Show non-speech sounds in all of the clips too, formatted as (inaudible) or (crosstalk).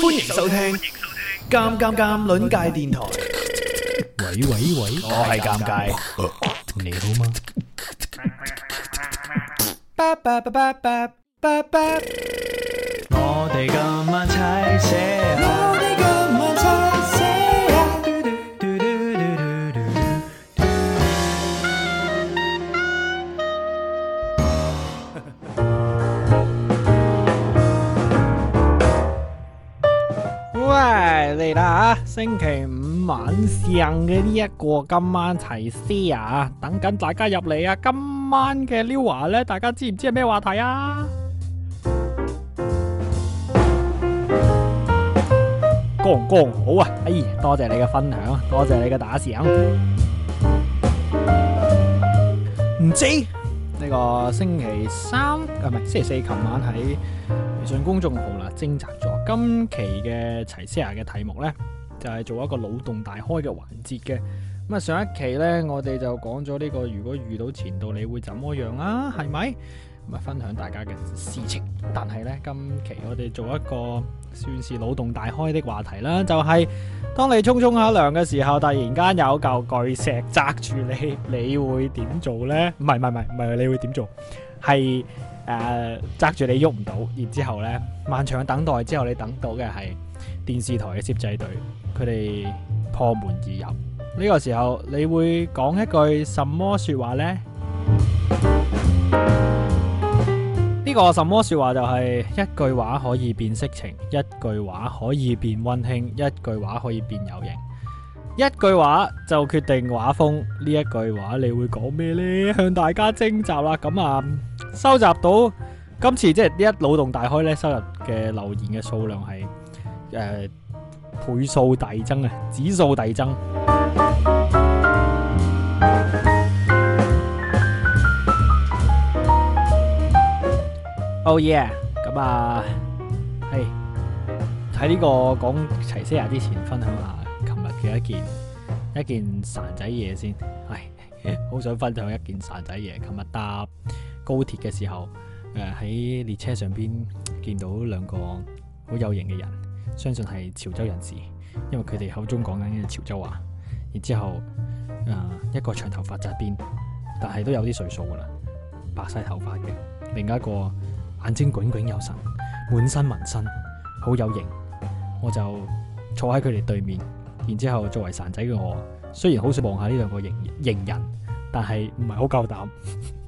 歡迎收聽《尷尷尷》輪界電台。喂喂喂，我係尷尬，你好嗎？我哋今晚齊些牙。啦，星期五晚上嘅呢一個今晚齊些牙啊，等緊大家入嚟啊！今晚嘅溜話呢，大家知唔知係咩話題啊？光光好啊！哎呀，多謝你嘅分享，多謝你嘅打賞。唔知呢個星期三唔係星期四，琴晚喺。上公眾號啦，徵集咗今期嘅齊些牙嘅題目呢，就係、是、做一個腦洞大開嘅環節嘅。咁啊，上一期呢，我哋就講咗呢個，如果遇到前度你會怎麼樣啦、啊？係咪？咁啊，分享大家嘅事情。但係呢，今期我哋做一個算是腦洞大開的話題啦，就係、是、當你沖沖下涼嘅時候，突然間有嚿巨石砸住你，你會點做呢？唔係唔係唔係，唔係你會點做？係。誒、紮、uh, 住你喐唔到，然之後呢，漫長等待之後，你等到嘅係電視台嘅攝製隊，佢哋破門而入呢、呢個時候，你會講一句什麼說話呢？這」呢個什麼說話就係一句話可以變色情，一句話可以變溫馨，一句話可以變有型，一句話就決定畫風。呢一句話你會講咩呢？向大家徵集啦，咁啊！收集到今次即係呢一腦洞大開咧，收入嘅留言嘅數量係誒倍數遞增啊，指數遞增。Oh yeah！咁啊，係喺呢個講齊些牙之前，分享下琴日嘅一件一件散仔嘢先，係好想分享一件散仔嘢。琴日答。高鐵嘅時候，誒、呃、喺列車上邊見到兩個好有型嘅人，相信係潮州人士，因為佢哋口中講緊嘅潮州話。然後之後，誒、呃、一個長頭髮扎辮，但係都有啲歲數噶啦，白晒頭髮嘅；，另一個眼睛炯炯有神，滿身紋身，好有型。我就坐喺佢哋對面，然後之後作為散仔嘅我，雖然好想望下呢兩個型型人，但係唔係好夠膽。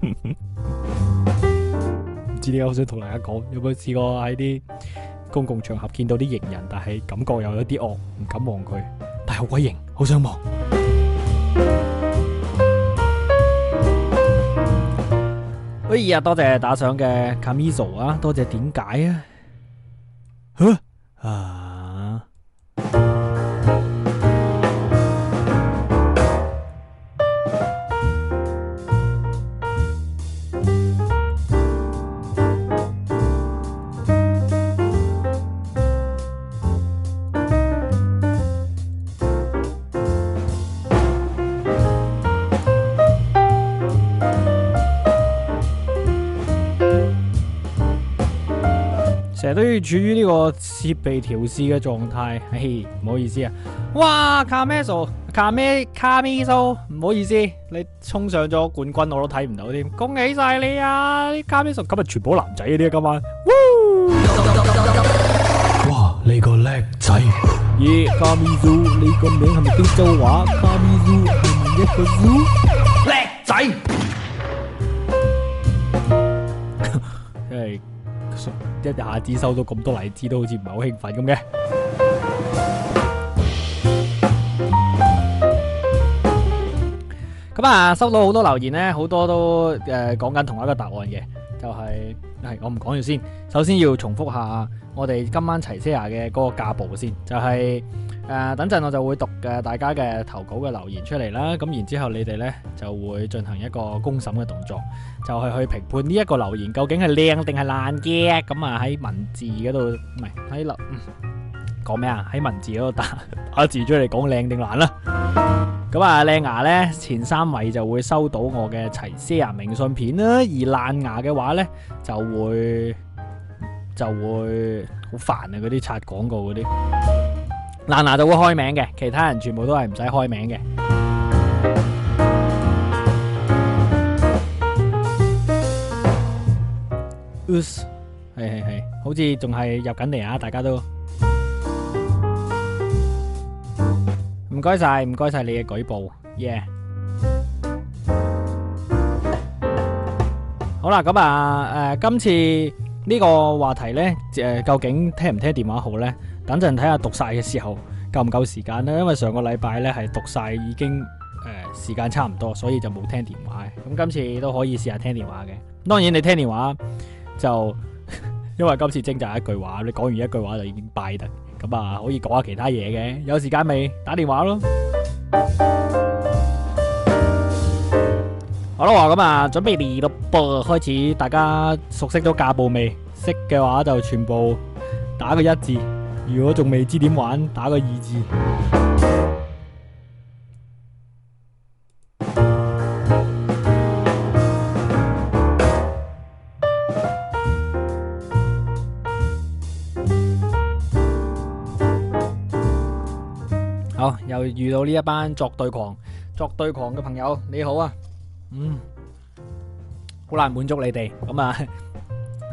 唔 (laughs) 知點解好想同大家講，有冇試過喺啲公共場合見到啲型人，但係感覺又有啲惡，唔敢望佢，但係好鬼型，好想望。哎呀，多謝打賞嘅 Camizo 啊，多謝，點解啊？啊！所以處於呢個設備調試嘅狀態，唉，唔好意思啊！哇，卡米蘇，卡米卡米蘇，唔好意思，你衝上咗冠軍我都睇唔到添，恭喜晒你啊！啲卡米蘇今日全部男仔嘅啲今晚，哇！你個叻仔，耶！卡米蘇，你個名係咪叫做哇卡米蘇？係咪一個蘇叻仔，係。一下子收到咁多荔枝都好似唔係好興奮咁嘅，咁啊收到好多留言呢，好多都誒講緊同一個答案嘅，就係、是、係我唔講住先，首先要重複下我哋今晚齊些牙嘅嗰個架步先，就係、是。誒、呃，等陣我就會讀誒大家嘅投稿嘅留言出嚟啦，咁然之後你哋呢就會進行一個公審嘅動作，就係去評判呢一個留言究竟係靚定係爛嘅。咁啊喺文字嗰度，唔係喺留，講咩、嗯、啊？喺文字嗰度打字，出嚟講靚定爛啦。咁啊靚牙呢，前三位就會收到我嘅齊些牙明信片啦，而爛牙嘅話呢，就會就會好煩啊！嗰啲刷廣告嗰啲。娜娜就會開名嘅，其他人全部都係唔使開名嘅。Us，係係係，好似仲係入緊嚟啊！大家都唔該晒，唔該晒你嘅舉報。Yeah，好啦，咁啊，誒，今次呢個話題呢，誒，究竟聽唔聽電話好呢？等陣睇下讀晒嘅時候夠唔夠時間呢？因為上個禮拜呢係讀晒已經誒、呃、時間差唔多，所以就冇聽電話。咁今次都可以試下聽電話嘅。當然你聽電話就因為今次精就係一句話，你講完一句話就已經敗得咁啊，可以講下其他嘢嘅。有時間未打電話咯？好啦，話咁啊，準備嚟到步開始，大家熟悉咗架步未？識嘅話就全部打個一字。如果仲未知點玩，打個二字。好，又遇到呢一班作對狂、作對狂嘅朋友，你好啊，嗯，好難滿足你哋，咁啊。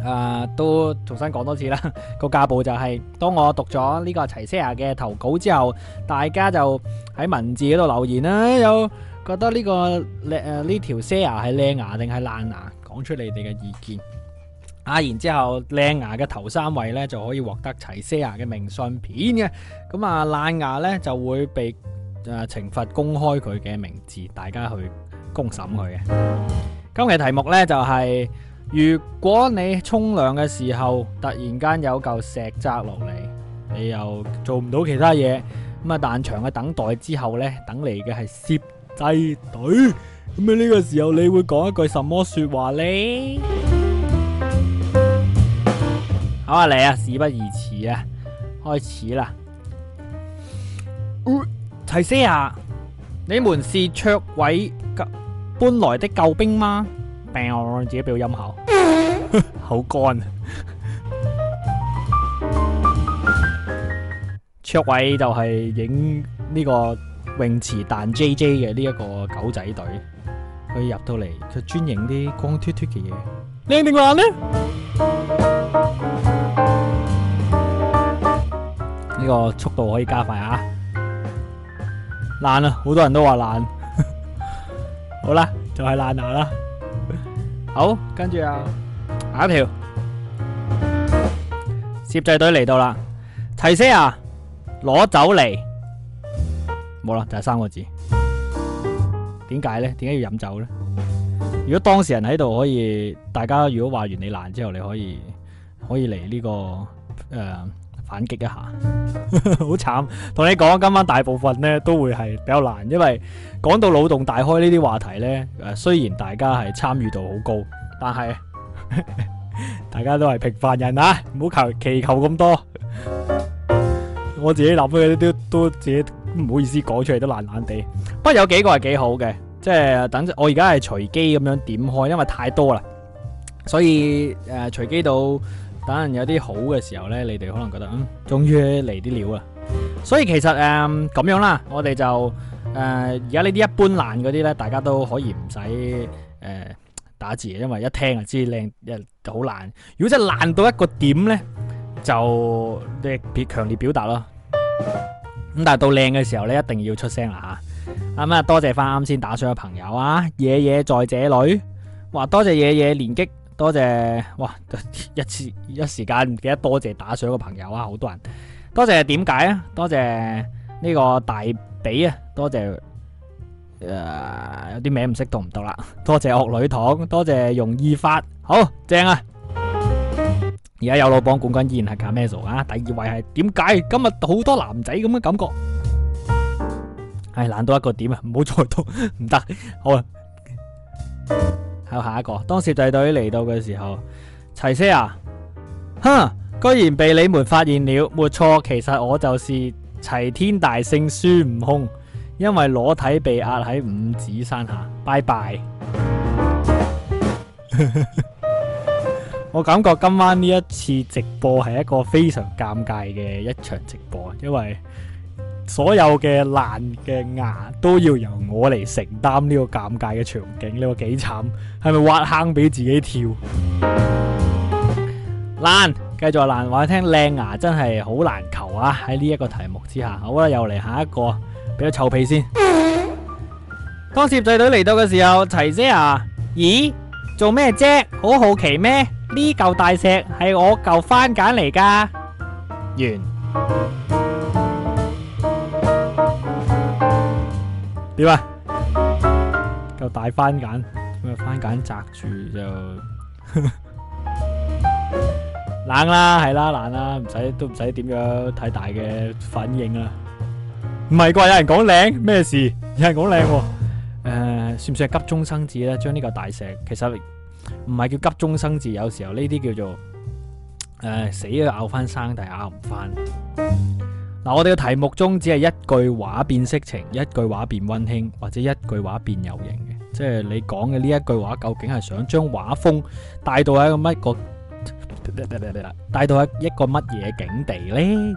啊、呃，都重新講多次啦。個架步就係、是，當我讀咗呢個齊些牙嘅投稿之後，大家就喺文字嗰度留言啦。有、啊、覺得呢、這個誒呢條些牙係靚牙定係爛牙？講出你哋嘅意見。啊，然之後靚牙嘅頭三位呢就可以獲得齊些牙嘅明信片嘅。咁啊爛牙呢就會被誒懲罰公開佢嘅名字，大家去公審佢嘅。今日嘅題目呢就係、是。如果你沖涼嘅時候突然間有嚿石砸落嚟，你又做唔到其他嘢，咁啊，但長嘅等待之後呢，等嚟嘅係攝製隊，咁啊，呢個時候你會講一句什麼說話呢？好啊，你啊，事不宜遲啊，開始啦！齊些牙，你們是卓偉搬來的救兵嗎？自己俾個音效，好乾。卓偉就係影呢個泳池彈 J J 嘅呢一個狗仔隊，佢入到嚟，佢專影啲光禿禿嘅嘢，靚定爛咧？呢個速度可以加快啊！爛啊，好多人都話爛。好啦，就係爛牙啦。好，跟住啊，下一條攝製隊嚟到啦，齊些牙，攞酒嚟，冇啦，就係三個字，點解咧？點解要飲酒咧？如果當事人喺度，可以大家如果話完你爛之後，你可以可以嚟呢個誒。呃反擊一下，好慘。同你講，今晚大部分咧都會係比較難，因為講到腦洞大開呢啲話題咧，誒，雖然大家係參與度好高，但係大家都係平凡人啊，唔好求祈求咁多。我自己諗咧都都自己唔好意思講出嚟都懶懶哋，不過有幾個係幾好嘅，即係等我而家係隨機咁樣點開，因為太多啦，所以誒隨機到。等陣有啲好嘅時候呢，你哋可能覺得嗯，終於嚟啲料啦。所以其實誒咁、呃、樣啦，我哋就誒而家呢啲一般爛嗰啲呢，大家都可以唔使誒打字，因為一聽就知靚一好爛。如果真係爛到一個點呢，就特別強烈表達咯。咁但係到靚嘅時候呢，一定要出聲啦嚇。咁啊、嗯，多謝翻啱先打賞嘅朋友啊，爺爺在這裡話多謝爺爺連擊。多謝，哇！一次一時間唔記得多謝打水嘅朋友啊，好多人多謝點解啊？多謝呢個大髀啊，多謝誒有啲名唔識讀唔讀啦，多謝惡女堂，多謝容易發，好正啊！而家 (music) 有老幫冠軍依然係搞咩羅啊，第二位係點解？今日好多男仔咁嘅感覺，係懶到一個點啊！唔好再讀，唔 (laughs) 得，好啊！ (music) 係下一個，當攝製隊嚟到嘅時候，齊些牙，哼，居然被你們發現了，沒錯，其實我就是齊天大聖孫悟空，因為裸體被壓喺五指山下，拜拜。 (laughs) 我感覺今晚呢一次直播係一個非常尷尬嘅一場直播，因為。所有嘅爛嘅牙都要由我嚟承擔呢個尷尬嘅場景，你話幾慘？係咪挖坑俾自己跳？爛，繼續爛話聽，靚牙真係好難求啊！喺呢一個題目之下，好啦，又嚟下一個，俾個臭屁先。當攝製隊嚟到嘅時候，齊姐啊，咦，做咩啫？好好奇咩？呢嚿大石係我嚿番梘嚟㗎？完。點啊？嚿大番鹼，咁啊番鹼砸住就 (laughs) 冷啦，係啦冷啦，唔使都唔使點樣太大嘅反應啦。唔係啩？有人講靚咩事？有人講靚，啊，誒、呃，算唔算係急中生智咧？將呢嚿大石，其實唔係叫急中生智，有時候呢啲叫做誒、呃，死咗拗翻生，但係拗唔翻。嗱，我哋嘅題目中只係一句話變色情，一句話變溫馨，或者一句話變有型嘅，即係你講嘅呢一句話究竟係想將畫風帶到一個乜個，帶帶到一個乜嘢境地呢？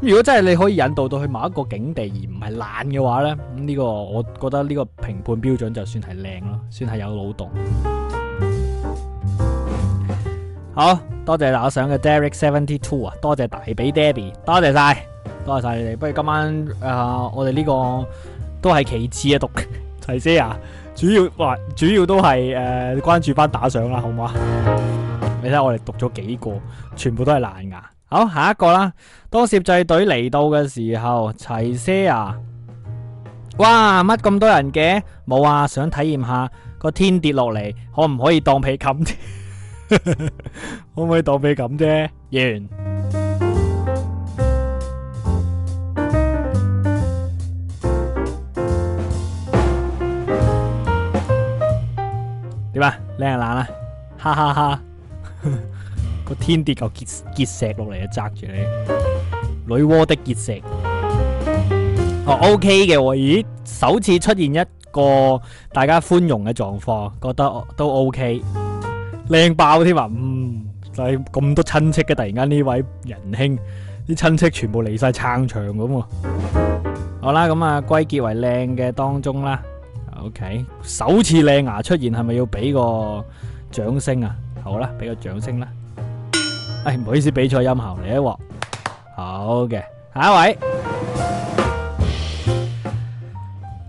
如果真係你可以引導到去某一個境地而唔係爛嘅話呢，咁、這、呢個我覺得呢個評判標準就算係靚咯，算係有腦洞。好多謝我想嘅 Derek Seventy Two 啊，多謝大比 Daddy，多謝晒。多謝晒你哋，不如今晚誒、呃，我哋呢、這個都係其次啊，讀齊些啊，主要或主要都係誒、呃、關注返打賞啦，好唔好啊？ (music) 你睇下我哋讀咗幾個，全部都係爛牙。好，下一個啦。當攝製隊嚟到嘅時候，齊些啊，哇，乜咁多人嘅？冇啊，想體驗下個天跌落嚟，可唔可以當被冚？ (laughs) 可唔可以當被冚啫？完。靚啊冷啊，哈哈哈，哈！個天跌嚿結結石落嚟啊，砸住你！女媧的結石哦，OK 嘅喎、哦，咦，首次出現一個大家寬容嘅狀況，覺得都 OK，靚爆添啊！嗯，就係咁多親戚嘅，突然間呢位仁兄，啲親戚全部嚟晒撐場咁，好啦，咁啊歸結為靚嘅當中啦。O、okay, K，首次靚牙出現係咪要俾個掌聲啊？好啦，俾個掌聲啦！唉、哎，唔好意思，比賽音效嚟一鑊。好嘅，下一位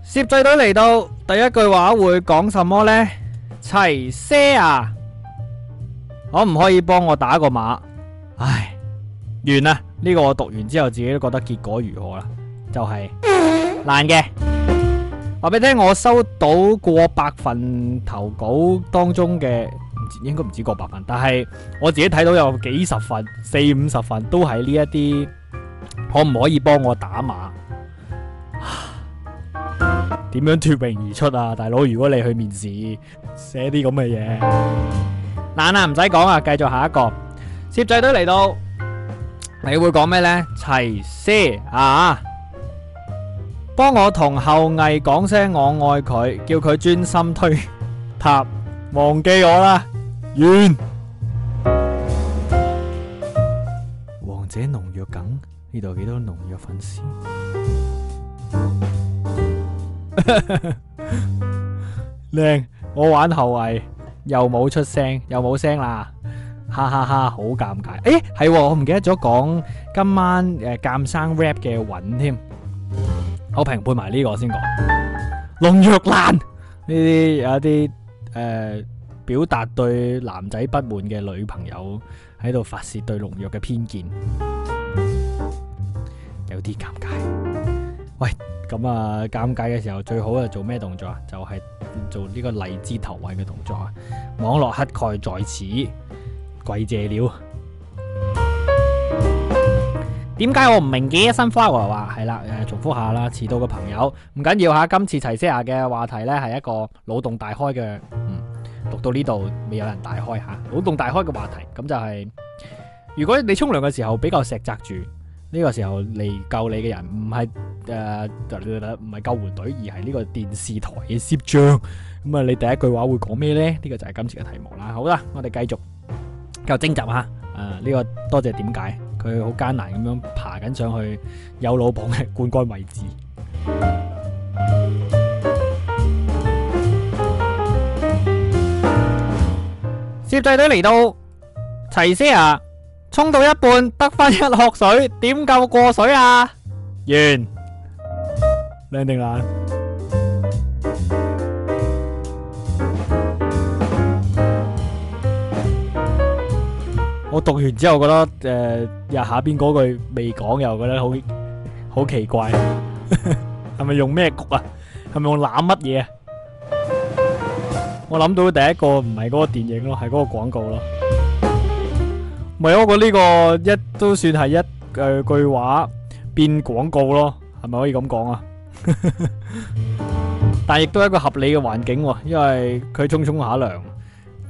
攝製隊嚟到，第一句話會講什麼呢？齊些啊，可唔可以幫我打個碼？唉，完啦，呢、這個我讀完之後自己都覺得結果如何啦，就係、是、爛嘅。話俾你聽，我收到過百份投稿當中嘅，唔知應該唔止過百份，但係我自己睇到有幾十份、四五十份都喺呢一啲，可唔可以幫我打碼？點樣脫穎而出啊，大佬！如果你去面試，寫啲咁嘅嘢難啊，唔使講啊，繼續下一個攝製隊嚟到，你會講咩呢？齊些啊！幫我同后羿講聲我愛佢，叫佢專心推塔，忘記我啦。完。王者農藥梗，呢度幾多農藥粉絲？靚，我玩后羿又冇出聲，又冇聲啦，哈哈哈，好尷尬。誒，係喎，我唔記得咗講今晚誒鑒生 rap 嘅韻添。我評判埋呢個先講，農藥爛呢啲有一啲誒、呃，表達對男仔不滿嘅女朋友喺度發洩對農藥嘅偏見，有啲尷尬。喂，咁啊尷尬嘅時候最好啊做咩動作啊？就係、是、做呢個荔枝頭位嘅動作啊！網絡乞丐在此，跪謝了。點解我唔明嘅，一 u 花，f 話係啦，誒、呃，重複下啦。遲到嘅朋友唔緊要吓。今次齊西亞嘅話題咧係一個腦洞大開嘅。嗯，讀到呢度未有人大開吓，腦、啊、洞大開嘅話題。咁就係、是、如果你沖涼嘅時候比較石扎住，呢、這個時候嚟,救你嘅人唔係誒，就唔係救援隊，而係呢個電視台嘅攝像。咁啊，你第一句話會講咩咧？呢、這個就係今次嘅題目啦。好啦，我哋繼續又精習吓。誒，呢、呃這個多謝點解？佢好艱難咁樣爬緊上去有老磅嘅冠溉位置。攝製隊嚟到，齊先啊，沖到一半得翻一殼水，點夠過水啊？完，靚定難。我讀完之後覺得誒。呃又下邊嗰句未講，又覺得好好奇怪，係咪用咩局啊？係咪用攬乜嘢啊？我諗到第一個唔係嗰個電影咯，係嗰個廣告咯，咪我覺呢個一都算係一句話變廣告咯，係咪可以咁講啊？但係亦都係一個合理嘅環境，因為佢沖冲下涼。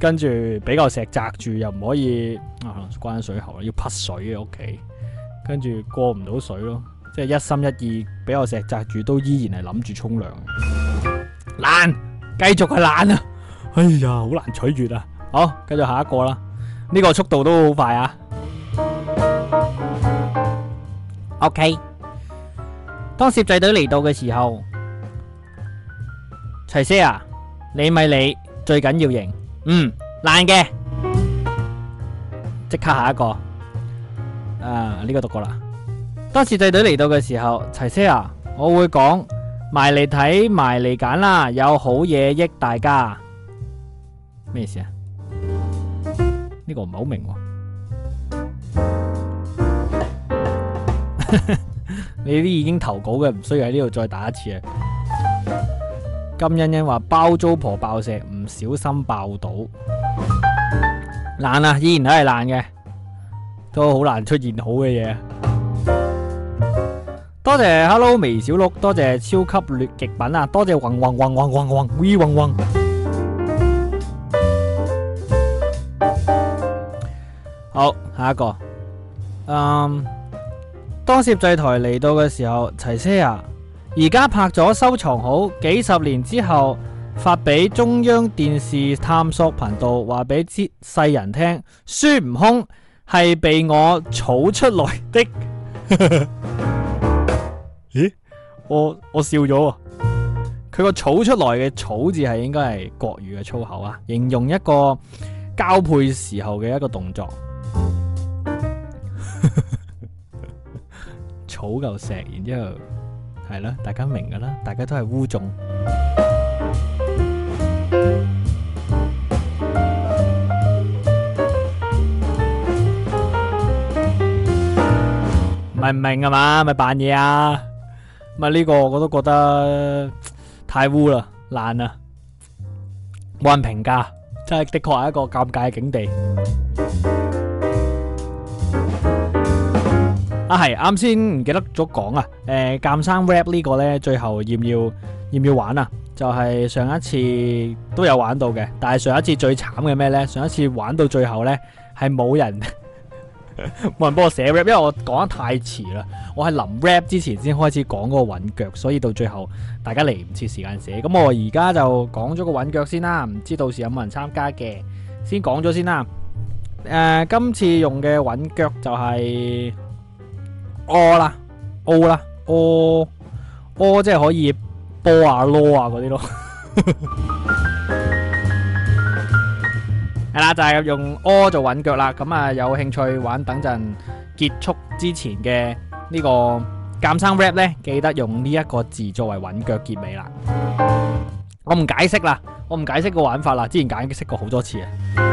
跟住俾個石扎住，又唔可以、啊、可能關水喉，要潑水嘅屋企，跟住過唔到水咯。即係一心一意俾個石扎住，都依然係諗住沖涼。爛繼續係難啊！哎呀，好難取住啊！好，繼續下一個啦。呢、這個速度都好快啊！OK，當攝製隊嚟到嘅時候，齊 Sir 啊，你咪你，最緊要贏。嗯，爛嘅，即刻下一個。誒、啊，呢、這個讀過啦。多設計隊嚟到嘅時候，齊些牙，我會講埋嚟睇，埋嚟揀啦，有好嘢益大家。咩事啊？呢、這個唔係好明、啊。 (laughs) 你啲已經投稿嘅，唔需要喺呢度再打一次啊。金欣欣話包租婆爆石，唔小心爆到爛啊！依然都係爛嘅，都好難出現好嘅嘢。多謝 Hello 微小鹿，多謝超級劣極品啊！多謝嗡嗡嗡嗡嗡嗡，We 嗡嗡。好，下一個。嗯、um,，當攝製台嚟到嘅時候，齊車啊！而家拍咗收藏好，幾十年之後發俾中央電視探索頻道，話俾知世人聽，孫悟空係被我草出來的。 (laughs) 咦？我我笑咗，佢個草出來嘅草字係應該係國語嘅粗口啊，形容一個交配時候嘅一個動作。 (laughs) 草嚿石，然之後。係啦，大家明噶啦，大家都係污種，明唔明啊？嘛咪扮嘢啊，咪呢個我都覺得太污啦，爛啦，冇人評價，真係的確係一個尷尬嘅境地。啊，係啱先唔記得咗講啊！誒，鑑生 rap 呢個呢，最後要唔要要唔要玩啊？就係上一次都有玩到嘅，但係上一次最慘嘅咩呢？上一次玩到最後呢，係冇人冇人幫我寫 rap，因為我講得太遲啦。我喺臨 rap 之前先開始講嗰個韻腳，所以到最後大家嚟唔切時間寫。咁我而家就講咗個韻腳先啦，唔知到時有冇人參加嘅？先講咗先啦。誒，今次用嘅韻腳就係。哦啦，O 啦，哦， (laughs) 哦 stimulus、yeah, so,，即係可以波啊，囉啊嗰啲咯。係啦，就係用哦」做韻腳啦。咁啊，有興趣玩，等陣結束之前嘅呢個鑑生 rap 咧，記得用呢一個字作為韻腳結尾啦。我唔解釋啦，我唔解釋個玩法啦。之前解釋過好多次啊。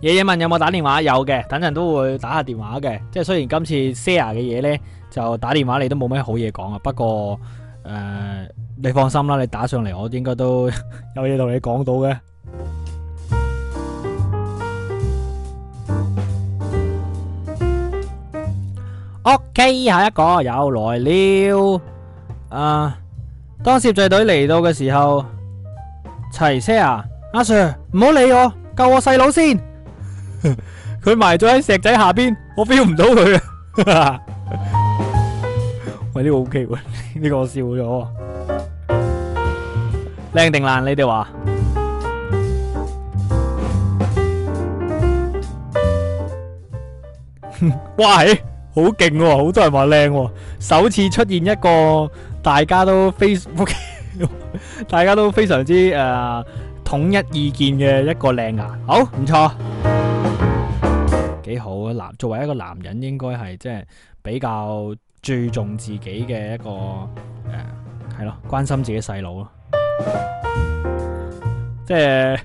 爺爺問有冇打電話？有嘅，等陣都會打下電話嘅。即係雖然今次 Sir 嘅嘢呢，就打電話你都冇咩好嘢講啊。不過誒、呃，你放心啦，你打上嚟，我應該都呵呵有嘢同你講到嘅。OK，下一個又來了。誒、呃，當攝製隊嚟到嘅時候，齊、啊、Sir，阿 Sir 唔好理我，救我細佬先。佢埋咗喺石仔下邊，我 feel 唔到佢啊！喂，呢個 O K 喎，呢個笑咗，靚定爛你哋話？哇，係好勁，好多人話靚，首次出現一個大家都非，大家都非常之誒統一意見嘅一個靚牙，好唔錯。幾好啊！男作為一個男人，應該係即係比較注重自己嘅一個誒，係咯，關心自己細佬咯。即係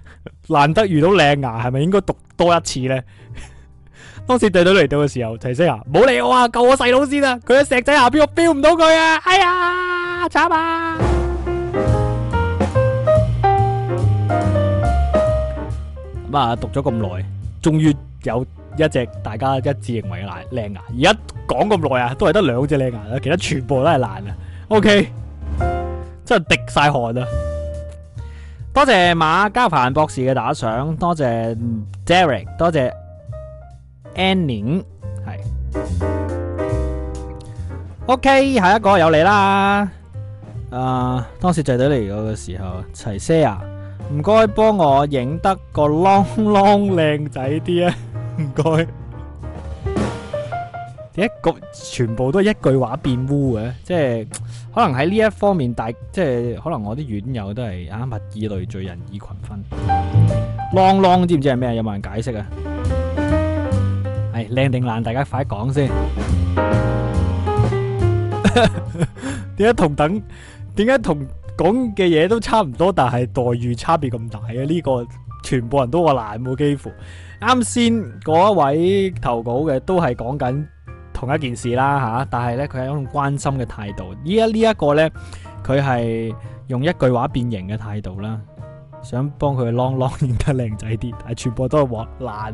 難得遇到靚牙，係咪應該讀多一次咧？當時隊隊嚟到嘅時候，齊聲啊，冇理我啊，救我細佬先啊！佢喺石仔下邊，我標唔到佢啊！哎呀，慘啊！咁啊，讀咗咁耐，終於有。一隻大家一致認為嘅牙靚牙，而家講咁耐啊，都係得兩隻靚牙啦，其他全部都係爛啊。OK，真係滴曬汗啊！多謝馬嘉凡博士嘅打賞，多謝 Derek，多謝 Annie，係 OK，下一個有你啦。啊，當時隊隊嚟嗰個時候，齊些牙唔該幫我影得個 long long 靚仔啲啊！唔該，點一個全部都係一句話變污嘅，即係可能喺呢一方面，大即係可能我啲院友都係啱物以類聚，人以群分。啷啷知唔知係咩？有冇人解釋啊？係靚定爛？大家快講先。點解同等？點解同講嘅嘢，都差唔多，但係待遇差別咁大嘅？呢個全部人都話爛，冇幾乎。啱先嗰一位投稿嘅都係講緊同一件事啦吓，但係呢，佢係一種關心嘅態度。依家呢一個呢，佢係用一句話變形嘅態度啦，想幫佢啷啷變得靚仔啲，但係全部都係鑊爛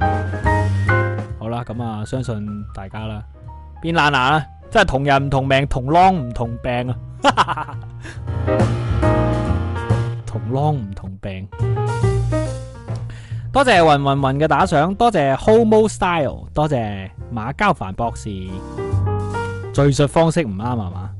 嘅。 (music) 好啦，咁啊，相信大家啦，變爛啦，真係同人唔同命，同啷唔同病啊，同啷唔同病。多謝雲雲雲嘅打賞，多謝 Homo Style，多謝馬交凡博士。敘述方式唔啱係嘛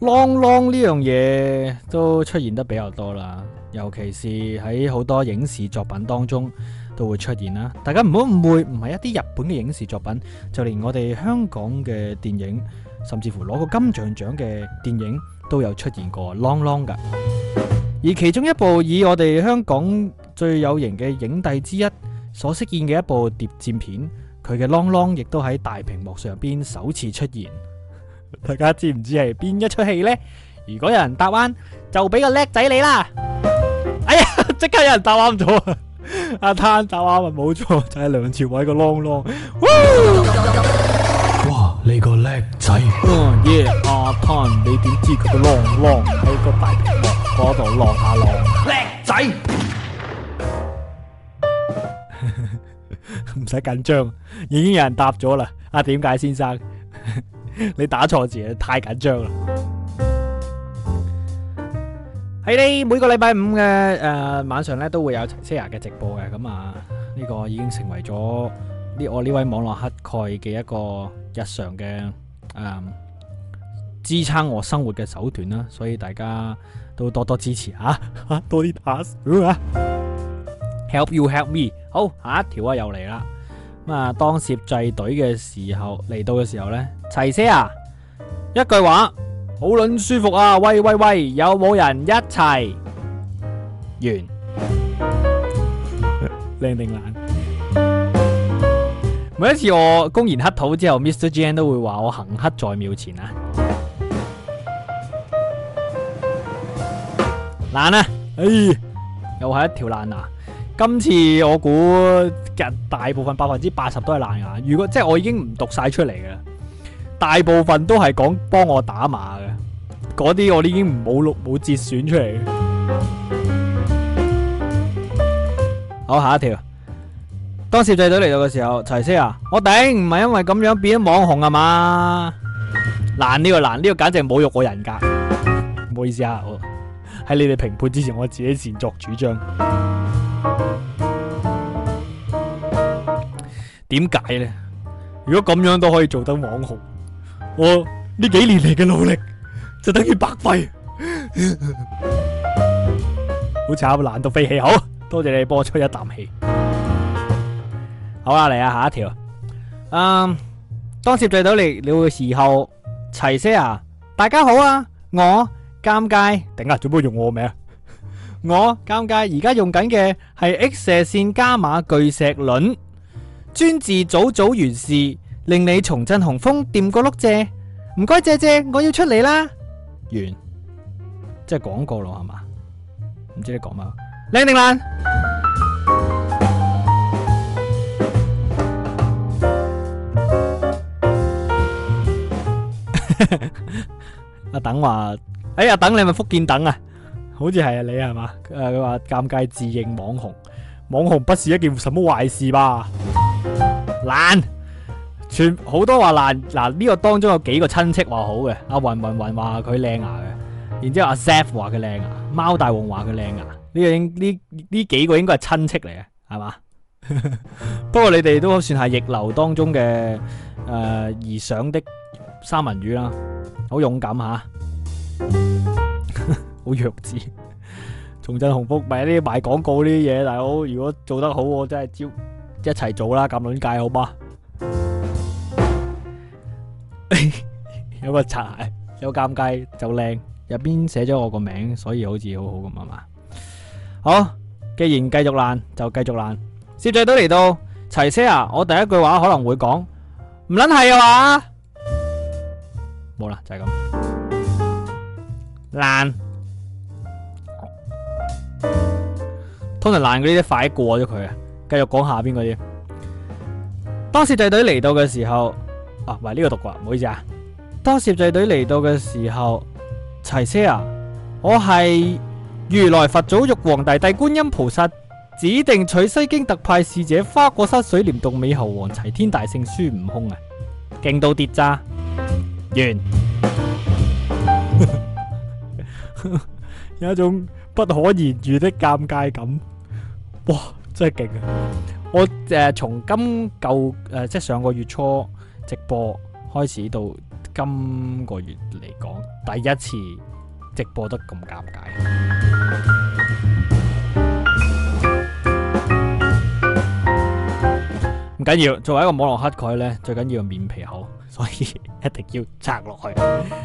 ？long long 呢樣嘢都出現得比較多啦，尤其是喺好多影視作品當中都會出現啦。大家唔好誤會，唔係一啲日本嘅影視作品，就連我哋香港嘅電影，甚至乎攞過金像獎嘅電影都有出現過 long long 噶。而其中一部以我哋香港。最有型嘅影帝之一，所飾演嘅一部諜戰片，佢嘅啷啷亦都喺大屏幕上邊首次出現。大家知唔知係邊一出戲呢？如果有人答彎，就俾個叻仔你啦！哎呀，即刻有人答啱咗，阿癱答啱啊，冇錯，就係梁朝偉個啷啷。哇，你個叻仔！阿癱，你點知佢個啷啷喺個大屏幕嗰度落下浪？叻仔！唔使緊張，已經有人答咗啦。啊，點解先生，呵呵你打錯字，你太緊張啦。喺你、 (music) hey, 每個禮拜五嘅誒、呃、晚上咧，都會有 Celia 嘅直播嘅。咁、嗯、啊，呢、這個已經成為咗呢我呢位網絡乞丐嘅一個日常嘅誒、嗯、支撐我生活嘅手段啦。所以大家都多多支持啊，多啲 pass 啊！Help you help me。好，下一條啊又嚟啦。咁啊，當攝製隊嘅時候嚟到嘅時候咧，齊些牙啊，一句話，好撚舒服啊！喂喂喂，有冇人一齊完？靚定爛。每一次我公然乞討之後，Mr. Jane 都會話我行乞在廟前啊。爛啊！哎，又係一條爛啊！今次我估人大部分百分之八十都係爛牙。如果即係我已經唔讀晒出嚟嘅，大部分都係講幫我打碼嘅，嗰啲我哋已經冇錄冇截選出嚟。好，下一條，當攝製隊嚟到嘅時候，齊些牙，我頂唔係因為咁樣變咗網紅啊嘛。爛呢個，爛呢個，簡直侮辱我人格，唔好意思啊，喺你哋評判之前，我自己擅作主張。點解呢？如果咁樣都可以做到網紅，我呢幾年嚟嘅努力就等於白費， (laughs) 好慘，難到飛起，好，多謝你幫我出一啖氣。好啦，嚟啊，下一條。嗯、um，當涉計到你料嘅時候，齊 Sir 啊！大家好啊，我尷尬，頂啊，做咩用我名啊？我尷尬，而家用緊嘅係 X 射線加碼巨石輪，專治早早完事，令你重振雄風，掂個碌蔗。唔該，謝謝，我要出嚟啦。完，即係廣告咯，係嘛？唔知你講乜？靚定爛。阿等話，哎呀，等你係咪福建等啊？好似係啊，你係嘛？誒、呃，佢話尷尬自認網紅，網紅不是一件什麼壞事吧？爛，全好多話爛。嗱，呢個當中有幾個親戚話好嘅，阿、啊、云云云話佢靚牙嘅，然之後阿 Zeph 話佢靚牙，貓大王話佢靚牙，呢、這個應呢呢幾個應該係親戚嚟嘅，係嘛？ (laughs) 不過你哋都算係逆流當中嘅誒，理、呃、想的三文魚啦，好勇敢吓。 (laughs) 好弱智，重振雄風咪啲賣廣告呢啲嘢大佬，如果做得好，我真係招一齊做啦，咁卵界好嗎？有個擦鞋，有尷尬就靚，入邊寫咗我個名，所以好似好好咁係嘛。好，既然繼續爛就繼續爛，攝製隊嚟到，齊些牙！我第一句話可能會講唔卵係啊嘛，冇啦，就係咁爛。可能爛嗰啲都快過咗佢啊！繼續講下邊嗰啲。當攝製隊嚟到嘅時候，啊，唔係呢個讀過，唔好意思啊。當攝製隊嚟到嘅時候，齊些牙，我係如來佛祖玉皇大帝、帝觀音菩薩指定取西經特派使者花果山水簾洞美猴王齊天大聖孫悟空啊，勁到跌渣完， (laughs) 有一種不可言喻的尷尬感。哇，真係勁啊！我誒從、呃、今舊誒、呃、即係上個月初直播開始到今個月嚟講，第一次直播得咁尷尬。唔緊要，作為一個網絡黑鬼咧，最緊要面皮厚，所以 (laughs) 一定要拆落去。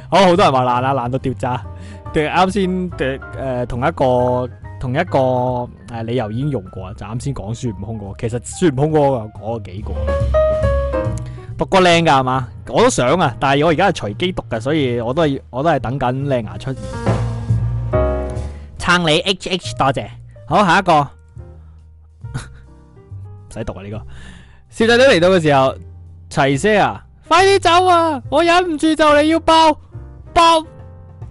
好，好多人話爛啊，爛到掉渣。對啱先對誒同一個。同一個誒、啊、理由已經用過啊，就啱先講孫悟空個，其實孫悟空個我幾個讀過靚噶係嘛？我都想啊，但係我而家係隨機讀嘅，所以我都係我都係等緊靚牙出現。撐你 HH 多謝，好，下一個使 (laughs) 讀啊呢、這個小仔女嚟到嘅時候，齊些啊，快啲走啊！我忍唔住就嚟要爆爆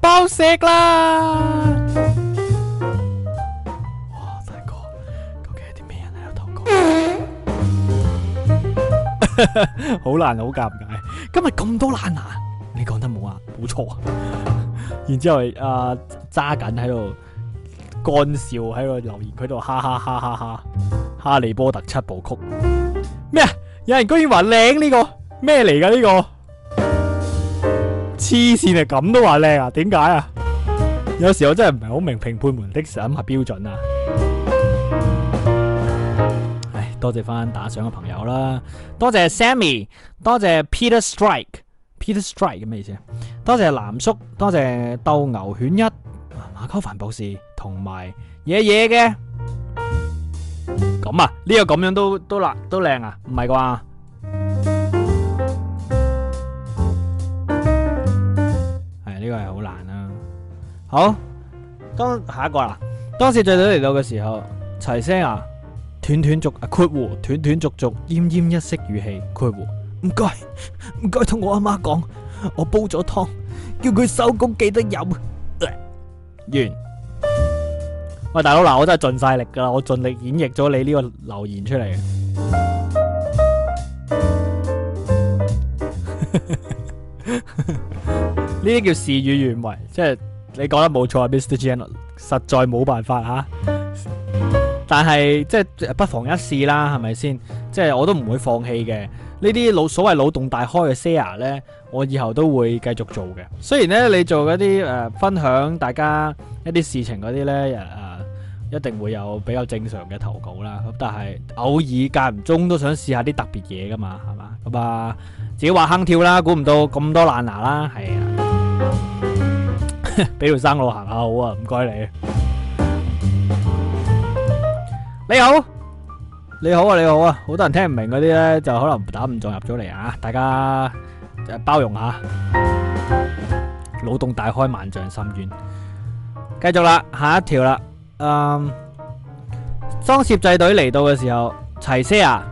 爆石啦！好 (laughs) 難，好尷尬。今日咁多爛啊！你講得冇啊？冇錯。 (laughs) 然之後阿揸緊喺度乾笑喺度留言佢度，哈哈哈哈哈。哈利波特七部曲咩？有人居然話靚呢個咩嚟㗎呢個？黐線、這個、啊！咁都話靚啊？點解啊？有時候我真係唔係好明評判們的審美標準啊。多謝翻打賞嘅朋友啦，多謝 Sammy，多謝 Peter Strike，Peter Strike 咁 Peter 咩 Strike, 意思啊？多謝藍叔，多謝鬥牛犬一，馬修凡博士，同埋爺爺嘅。咁啊，呢、這個咁樣都都難都靚啊，唔係啩？係呢、 (music) 哎這個係好難啦、啊。好，當下一個啦。當時最尾嚟到嘅時候，齊些牙！斷斷續啊，括弧，斷斷續續，奄奄一息語氣，括弧，唔該唔該，同我阿媽講，我煲咗湯，叫佢收工記得飲。完，喂大佬嗱，我真係盡晒力噶啦，我盡力演繹咗你呢個留言出嚟嘅。呢啲叫事與願違，即係你講得冇錯，Mr. John，實在冇辦法吓。但係即係不妨一試啦，係咪先？即係我都唔會放棄嘅。呢啲所謂腦洞大開嘅 share 咧，我以後都會繼續做嘅。雖然咧你做嗰啲，呃、分享，大家一啲事情嗰啲咧一定會有比較正常嘅投稿啦。咁但係偶爾間唔中都想試一下啲特別嘢噶嘛，係嘛？咁啊，自己挖坑跳啦，估唔到咁多爛牙啦，係啊！俾條 (laughs) 生路行下好啊，唔該你。你好，你好啊，你好啊，好多人聽唔明嗰啲咧，就可能唔打唔中入咗嚟啊。大家就包容下，腦洞大開，萬丈深淵。繼續啦，下一條啦。嗯，當攝製隊嚟到嘅時候，齊些牙啊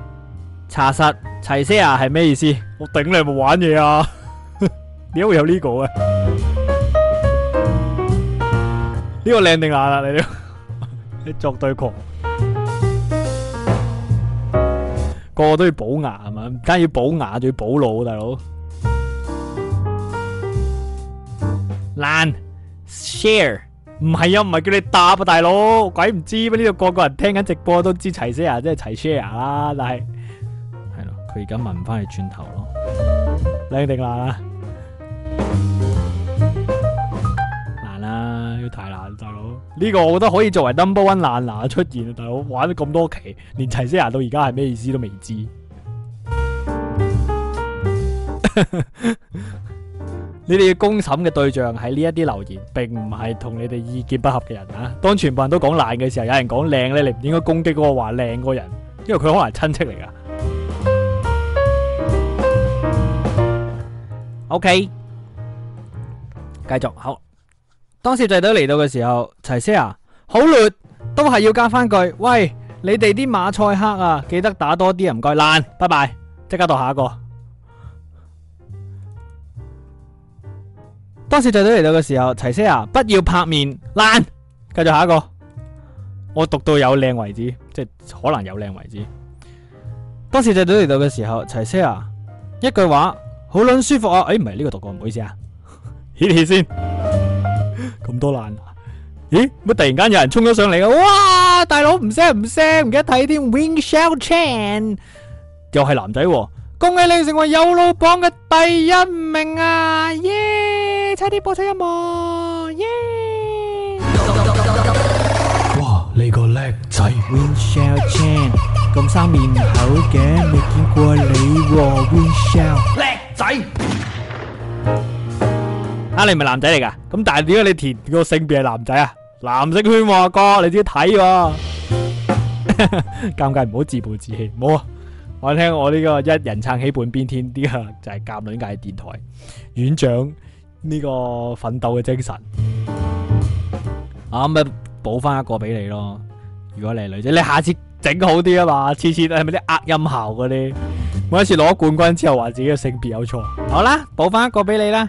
查實齊些牙啊係咩意思？我頂你冇玩嘢啊！點 (laughs) 會有呢、這個， (laughs) 這個啊？呢個靚定眼啦，你你作對狂。個個都要補牙係嘛？唔單要補牙，仲要補腦，大佬。爛 share 唔係啊，唔係叫你答啊，大佬，鬼唔知咩？啊？呢度個個人聽緊直播都知齊 share 即係齊 share 啦，啊，但係係咯，佢而家問翻你轉頭咯，靚定爛啊！呢個我覺得可以作為 number one 爛牙出現啊！大佬玩咗咁多期，連齊些牙到而家係咩意思都未知。 (laughs) 你哋要公審嘅對象係呢一啲留言，並唔係同你哋意見不合嘅人啊！當全部人都講爛嘅時候，有人講靚咧，你唔應該攻擊嗰個話靚個人，因為佢可能係親戚嚟噶。OK，繼續好。當攝製隊嚟到嘅時候，齊些牙好劣，都係要加翻句，喂，你哋啲馬賽克啊，記得打多啲，唔該爛，拜拜，即刻讀下一個。當攝製隊嚟到嘅時候，齊些牙不要拍面爛，繼續下一個，我讀到有靚為止，即係可能有靚為止。當攝製隊嚟到嘅時候，齊些牙一句話好撚舒服啊，誒唔係呢個讀過，唔好意思啊 h e (laughs) 先。咁多難啊？咦，乜突然間有人衝咗上嚟啊？哇，大佬唔聲唔聲，唔記得睇添。Wingshell Chan 又係男仔，恭喜你成為有路榜嘅第一名啊！耶，差啲播出音樂，耶。哇，你個叻仔，Wingshell Chan，咁生面口嘅，未見過你喎，Wingshell 叻仔。啊！你唔係男仔嚟噶，咁但係點解你填個性別係男仔啊？藍色圈喎，哥你自己睇喎、啊。尷 (laughs) 尬唔好自暴自棄，冇啊！我聽我呢、呢個一人撐起半邊天，啲、呢個就係夾卵界電台院長呢個奮鬥嘅精神。啊咁啊，補、嗯、翻一個俾你咯。如果你係女仔，你下次整好啲啊嘛，次次係咪啲呃音效嗰啲？每一次攞冠軍之後話自己嘅性別有錯。好啦，補翻一個俾你啦。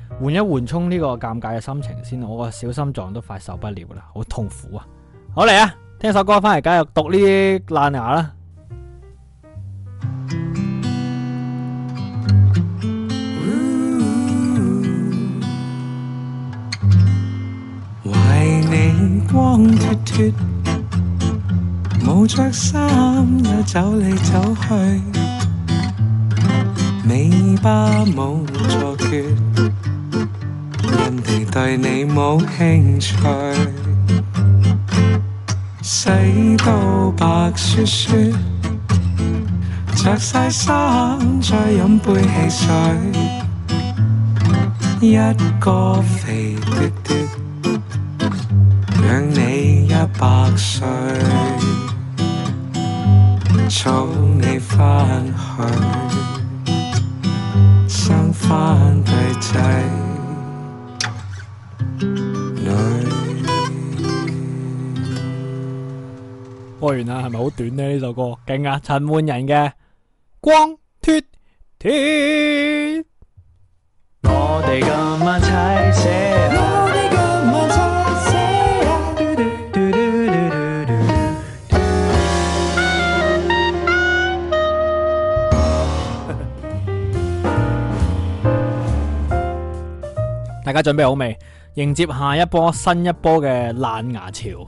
換一換沖呢個尷尬嘅心情先，我個小心臟都快受不了啦，好痛苦啊！好嚟啊，聽首歌翻嚟，繼續讀呢啲爛牙啦。為、哦、你、哦哦、光脫脫，冇著衫走嚟走去，尾巴冇錯脫。人哋對你冇興趣，洗到白雪雪，着晒衫再飲杯汽水，一個肥嘟嘟，養你一百歲，早你返去，生返對仔。播完啦，係咪好短呢？呢首歌，勁啊！陳奐仁嘅《光脱脱》，我哋今晚齊些，我哋今晚齊些。大家準備好未？迎接下一波、新一波嘅爛牙潮。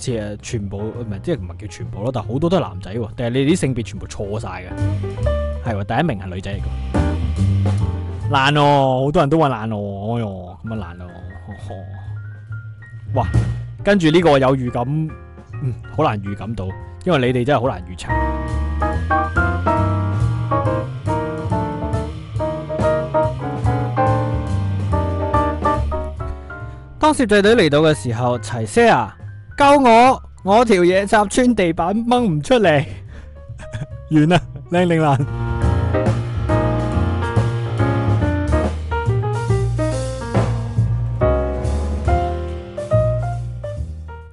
似啊，全部唔係即係唔係叫全部咯，但係好多都係男仔喎，定係你哋啲性別全部錯晒㗎？係喎，第一名係女仔嚟嘅。爛哦，好多人都話爛哦。哎喲，咁啊爛哦，哇，跟住呢個有預感，嗯，好難預感到，因為你哋真係好難預測。當攝製隊嚟到嘅時候，齊些牙。收我，我條嘢插穿地板掹唔出嚟，完啦，靚靚蘭。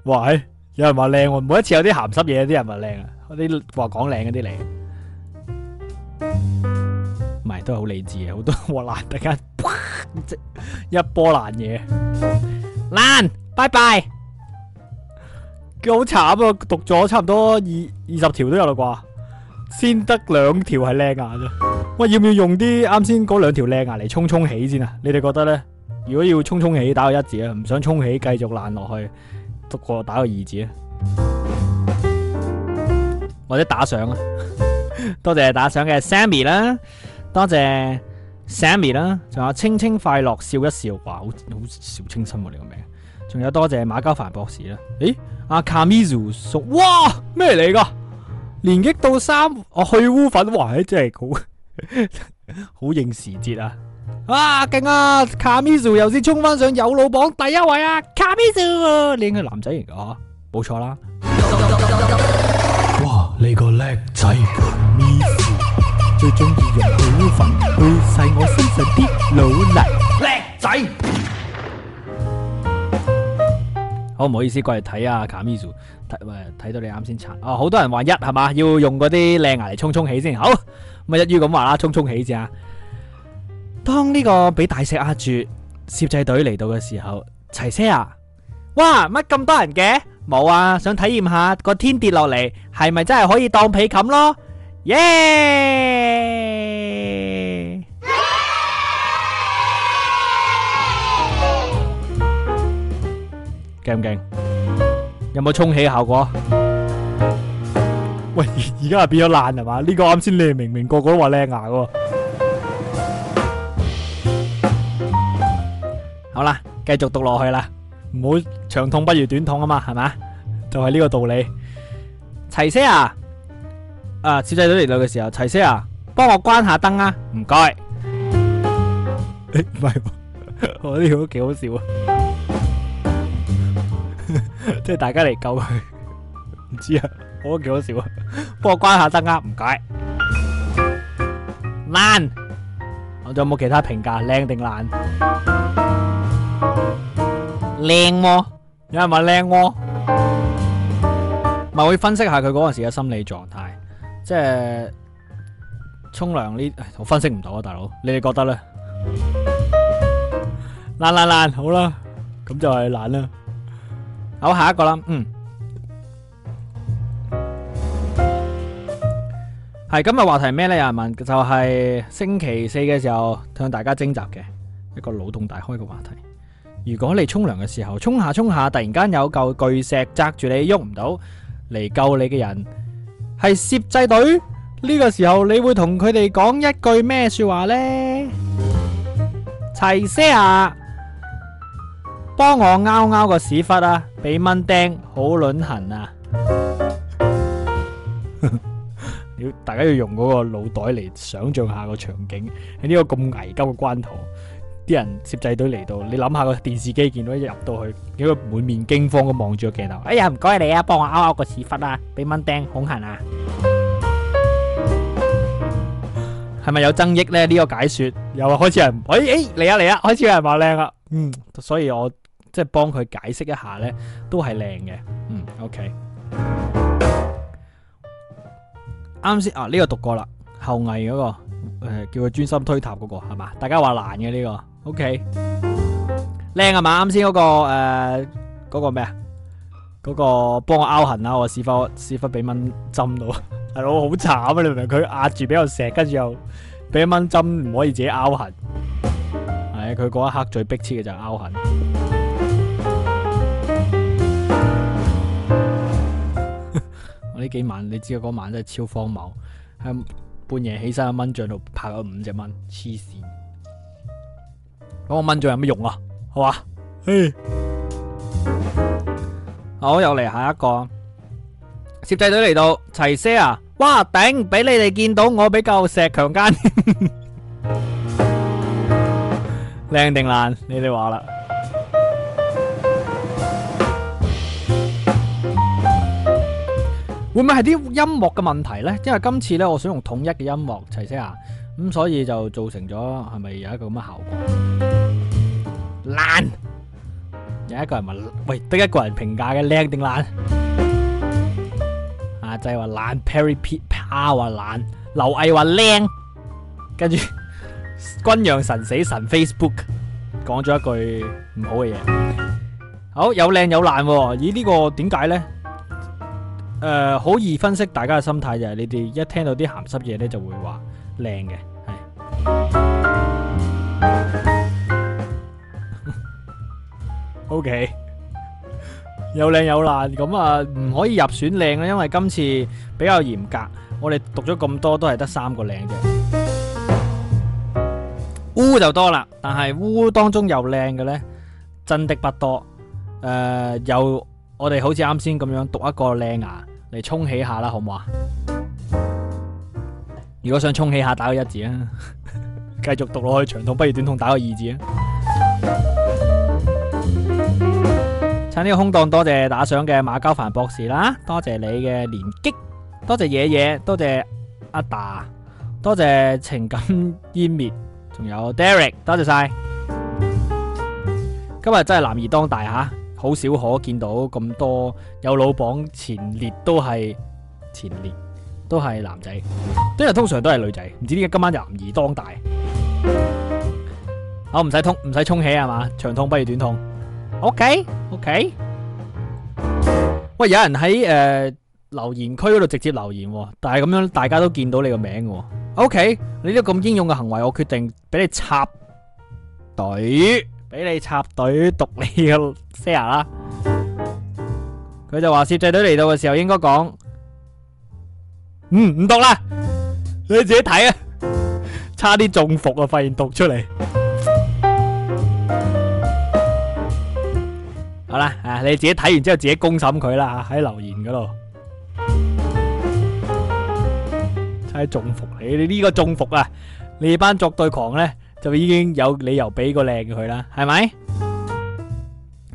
哇，哎，有人話靚喎，每一次有啲鹹濕嘢，啲人話靚啊，啲話講靚嗰啲靚，唔係都係好理智呀，好多鑊爛突然間，一波爛嘢，爛，拜拜。佢好慘啊！讀咗差唔多二二十條都有啦啩，先得兩條係靚牙啫。喂，要唔要用啲啱先嗰兩條靚牙嚟沖沖起先啊？你哋覺得咧？如果要沖沖起打個一字啊，唔想沖起繼續爛落去，讀過打個二字啊，或者打賞啊？ (laughs) 多謝打賞嘅 Sammy 啦，多謝 Sammy 啦，仲有青青快樂笑一笑，哇，好好小清新喎、啊，你個名。仲有多謝，謝馬家凡博士啦，誒，阿 Camisul 哇，咩嚟噶？連擊到三，我、啊、去污粉，哇，欸、真係好，呵呵好應時節啊！啊，勁啊 Camisul 又先衝翻上有老榜第一位啊 Camisul 男仔嚟嘅冇錯啦。哇，你個叻仔 Camisul 最中意用去污粉，去晒我新手啲、老靚叻仔。好唔，哦，好意思過嚟睇啊，卡米蘇睇喂，睇到你啱先拆哦。好多人話一係嘛要用嗰啲靚牙嚟衝冲起先好，咪一於咁話啦，冲衝起先啊。當呢個俾大石壓住，攝製隊嚟到嘅時候，齊車啊！哇，乜咁多人嘅？冇啊，想體驗下個天跌落嚟係咪真係可以當被冚咯？耶，yeah!！咁勁，有冇衝起嘅效果？喂，而而家係變咗爛係嘛？呢個啱先你明明個個都話靚牙嘅，好啦，繼續讀落去啦，唔好長痛不如短痛啊嘛，係嘛？就係呢個道理。齊些牙啊，啊，小細佬嚟到嘅時候，齊些牙啊，幫我關下燈啊，唔該。誒，唔係，我呢個都幾好笑啊。即係大家嚟救佢，唔知啊，我都幾好笑啊，幫我關下燈啊，唔該。爛，我仲有冇其他評價？靚定爛？靚喎，有人話靚喎，咪會分析下佢嗰陣時嘅心理狀態，即係沖涼呢？我分析唔到啊，大佬，你哋覺得咧？爛爛爛，好啦，咁就係爛啦。好，下一個啦，嗯，係今日話題係咩呢？有人問，就係星期四嘅時候，向大家徵集嘅一個腦洞大開嘅話題。如果你沖涼嘅時候，沖下沖下，突然間有嚿巨石砸住你，喐唔到，嚟救你嘅人係攝製隊，呢個時候你會同佢哋講一句咩說話呢？齊些牙！幫我撓撓個屎忽啊！俾蚊叮好卵痕啊！要大家要用嗰個腦袋嚟想象下個場景，喺呢個咁危急嘅關頭，啲人攝製隊嚟到，你諗下個電視機見到一入到去，幾個滿面驚慌咁望住個鏡頭。哎呀，唔該你啊，幫我撓撓個屎忽啦，俾蚊叮好痕啊！係咪有爭議呢？呢個解說又話開始係，哎哎，嚟啊嚟啊，開始有人話靚啊。嗯，所以我。即係幫佢解釋一下咧，都係靚嘅。嗯，OK。啱先啊，呢、這個讀過啦，后羿嗰、那個誒、呃，叫佢專心推塔嗰、那個係嘛？大家話難嘅呢、這個，OK。靚係嘛？啱先嗰個誒、嗰、呃那個咩啊？嗰、那個幫我拗痕啦，我屎忽屎忽俾蚊針到，大 (laughs) 佬好慘啊！你明唔明？佢壓住俾個石，跟住又俾蚊針，唔可以自己拗痕。係、哎、啊，佢嗰一刻最逼切嘅就係拗痕。呢、啊、幾晚你知嗰、那個、晚真係超荒謬，喺半夜起身喺蚊帳度拍咗五隻蚊，黐線！嗰個蚊帳有咩用啊？好啊，嘿好又嚟下一個攝製隊嚟到齊晒啊哇頂！俾你哋見到我比較石強奸，靚定爛你哋話啦。會唔會係啲音樂嘅問題咧？因為今次咧，我想用統一嘅音樂齊聲啊，咁所以就造成咗係咪有一個咁嘅效果？爛，有一個人問，喂，得一個人評價嘅靚定爛？阿仔話爛，Perry Pitt 啊話爛，劉毅話靚，跟住軍羊神死神 Facebook 講咗一句唔好嘅嘢，好有靚有爛喎，哦，咦、這個、呢個點解咧？誒，好易分析大家嘅心態就係，你哋一聽到啲鹹濕嘢，呢就會話靚嘅，係。O K，又靚又爛，咁啊唔可以入選靚啦，因為今次比較嚴格，我哋讀咗咁多都係得三個靚嘅。污就多啦，但係污當中又靚嘅呢，真的不多。誒，又我哋好似啱先咁樣讀一個靚牙。你沖起下啦，好唔好啊？如果想沖起下，打個一字啊！繼續讀落去，長痛不如短痛，打個二字啊！趁呢個空檔，多謝打賞嘅馬交凡博士啦，多謝你嘅連擊，多謝爺爺，多謝阿達，多謝情感湮滅，仲有 Derek，多謝晒。今日真係男兒當大吓。好少可見到咁多有老榜前列都係前列都係男仔，因為通常都係女仔，唔知點解今晚男兒當大。好唔使通唔使衝起係嘛？長痛不如短痛。OK OK。喂，有人喺、呃、留言區嗰度直接留言喎，但係咁樣大家都見到你個名喎。OK，你呢個咁英勇嘅行為，我決定俾你插隊。對俾你插隊，讀你嘅 fair 啦。佢就話攝製隊嚟到嘅時候應該講，嗯唔讀啦，你自己睇啊，差啲中伏啊，發現讀出嚟，好啦，誒，你自己睇完之後自己公審佢啦吓，喺留言嗰度，差啲中伏，你你呢個中伏啊，你班作對狂咧。就已經有理由俾個靚佢啦，係咪？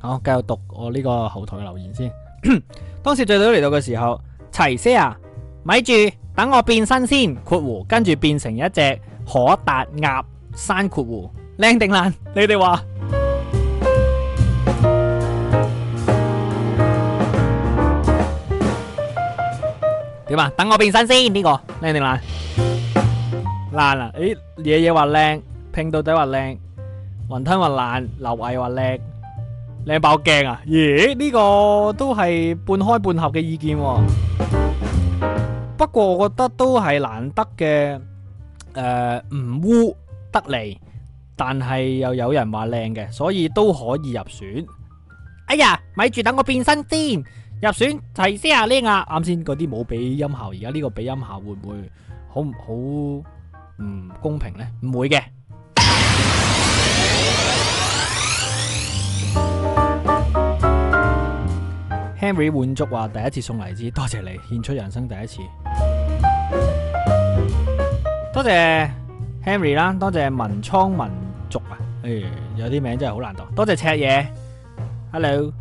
好、哦，繼續讀我呢個後台留言先。 (coughs) 當時最早嚟到嘅時候，齊些牙啊，咪住，等我變身先，括弧，跟住變成一隻可達鴨山括弧，靚定爛？你哋話點啊？等我變身先，呢、這個靚定爛？爛啊！誒、欸，嘢嘢話靚。拼到底話靚，雲吞話爛，劉偉話靚，靚爆鏡啊！咦？呢、這個都係半開半合嘅意見、啊，不過我覺得都係難得嘅，誒、呃、唔污得嚟，但係又有人話靚嘅，所以都可以入選。哎呀，咪住等我變身先，入選齊些牙啊，亞利亞，啱先嗰啲冇俾音效，而家呢個俾音效會唔會好好唔公平咧？唔會嘅。Henry 滿足話第一次送荔枝，多謝你獻出人生第一次，多謝 Henry 啦，多謝文倉文族啊，哎，有啲名真係好難讀，多謝赤嘢。Hello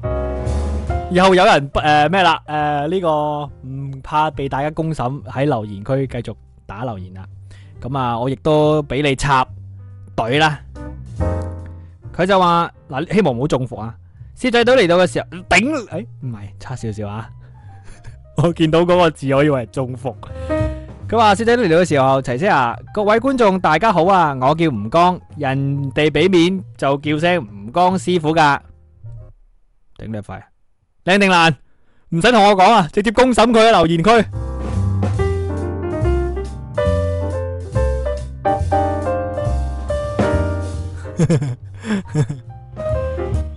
又有人誒咩、呃、啦？誒、呃、呢、呢個唔怕被大家公審喺留言區繼續打留言啦，咁啊我亦都俾你插隊啦，佢就話嗱，希望唔好中伏啊！攝製隊嚟到嘅時候，頂，誒，唔係，差少少啊。我見到嗰個字，我以為係中伏。佢話攝製隊嚟到嘅時候，齊些牙啊，各位觀眾，大家好啊，我叫吳江，人哋俾面就叫聲吳江師傅噶。頂你塊，靚定爛，唔使同我講啊，直接公審佢啊，留言區。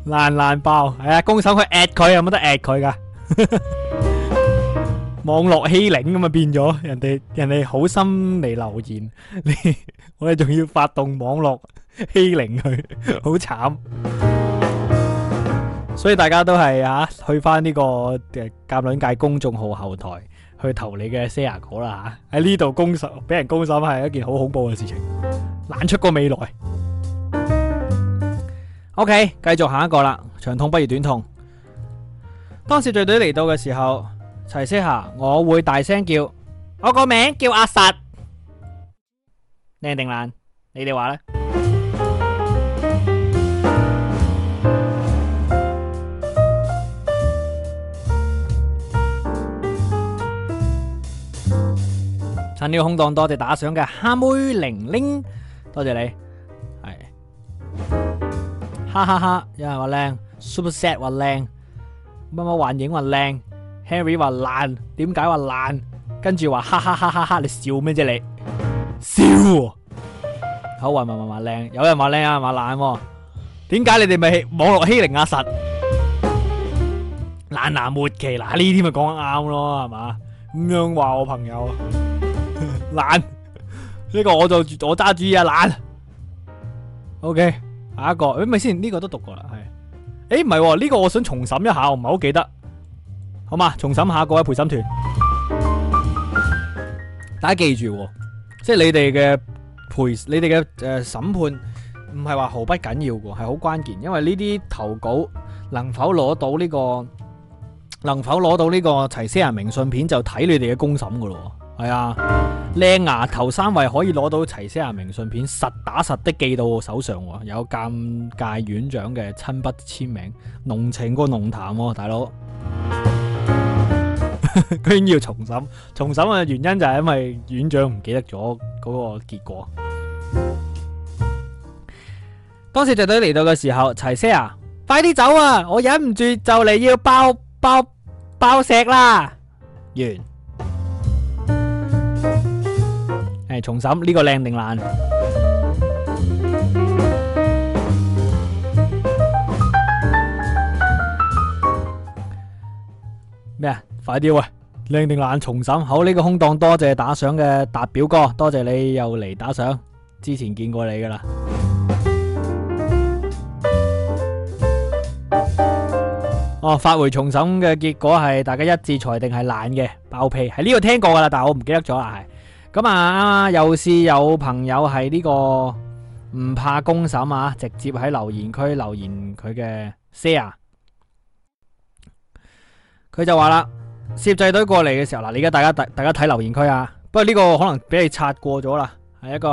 爛爛爆，係、哎、啊！攻手去 at 佢，有冇得 at 佢噶？ (laughs) 網絡欺凌咁啊變咗，人哋人哋好心嚟留言，你我哋仲要發動網絡欺凌佢，好慘！所以大家都係啊，去翻呢個嘅夾卵界公眾號後台去投你嘅 c 啦吓！喺呢度攻手，俾人攻手係一件好恐怖嘅事情，難出個未來。O K，繼續下一個啦，長痛不如短痛。當小隊隊嚟到嘅時候，齊些牙，我會大聲叫我個名叫阿實，靚定爛，你哋話呢？趁呢個空檔，多謝打賞嘅蝦妹玲玲，多謝你。哈哈哈！有人話靚，Super Set 話靚，乜乜幻影話靚，Harry 話爛，點解話爛？跟住話哈哈哈！哈哈，你笑咩啫？你笑？好話話話話靚，有人話靚啊，話爛？點解你哋咪網絡欺凌阿實？爛牙末期，嗱呢啲咪講得啱咯，係嘛？咁樣話我朋友爛，呢個我就我揸主意啊爛。OK。下一個誒，咪先呢個都讀過啦，係誒唔係呢個我想重審一下，我唔係好記得，好嘛重審下個各位陪審團，大家記住即係你哋嘅陪，你哋嘅誒審判唔係話毫不緊要嘅，係好關鍵，因為呢啲投稿能否攞到呢個能否攞到呢個齊些牙明信片就睇你哋嘅公審噶咯，係啊。靚牙頭三位可以攞到齊些牙明信片，實打實的寄到我手上，有尷尬院長嘅親筆簽名，濃情個濃談，大佬居然要重審，重審嘅原因就係因為院長唔記得咗嗰個結果。當時隊隊嚟到嘅時候，齊些牙，快啲走啊！我忍唔住就嚟要包包爆，爆石啦！完。重審呢個靚定爛咩啊？快啲喂，靚定爛，重審。好，呢個空檔，多謝打賞嘅達表哥，多謝你又嚟打賞，之前見過你噶啦。哦，發回重審嘅結果係大家一致裁定係爛嘅，爆屁喺呢度聽過噶啦，但我唔記得咗啦係。咁啊，又是有朋友係呢個唔怕公審啊，直接喺留言區留言佢嘅 share 佢就話啦，攝製隊過嚟嘅時候，嗱，你而家大家大大家睇留言區啊，不過呢個可能俾你刷過咗啦，係一個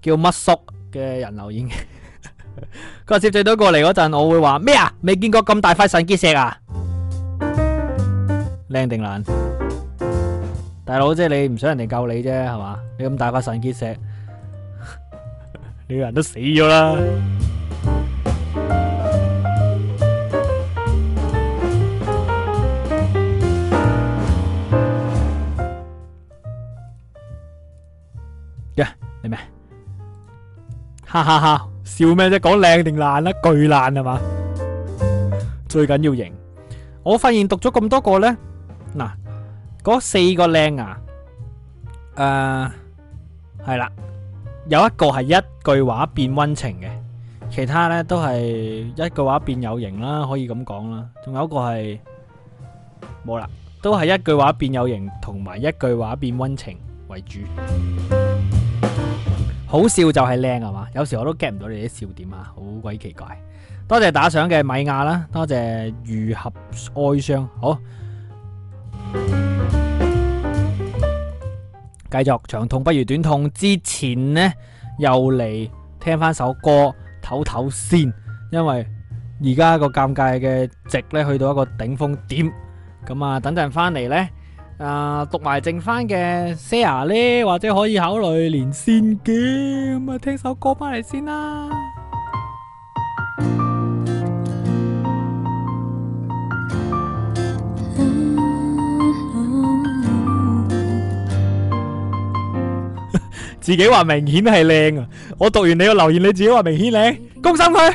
叫乜叔嘅人留言嘅。佢話攝製隊過嚟嗰陣，我會話咩啊？未見過咁大塊腎結石啊，靚定爛？大佬，即係你唔想人哋救你啫，係嘛？你咁大塊腎結石，你個人都死咗啦！呀，你咩？哈哈哈，笑咩啫？講靚定爛啦，巨爛係嘛？最緊要型。我發現讀咗咁多個呢，嗱。嗰四個靚啊，誒、啊，係啦，有一個係一句話變温情嘅，其他呢都係一句話變有型啦，可以咁講啦。仲有一個係，冇啦，都係一句話變有型同埋一句話變温情為主。好笑就係靚係嘛？有時我都 get 唔到你啲笑點啊，好鬼奇怪。多謝打賞嘅米亞啦，多謝愈合哀傷，好。繼續長痛不如短痛，之前呢，又嚟聽翻首歌唞唞先，因為而家個尷尬嘅值呢去到一個頂峰點，咁啊等陣翻嚟呢，啊讀埋剩翻嘅 share 呢，或者可以考慮連線嘅，咁啊聽首歌翻嚟先啦。自己話明顯係靚啊！我讀完你個留言，你自己話明顯靚，攻心佢。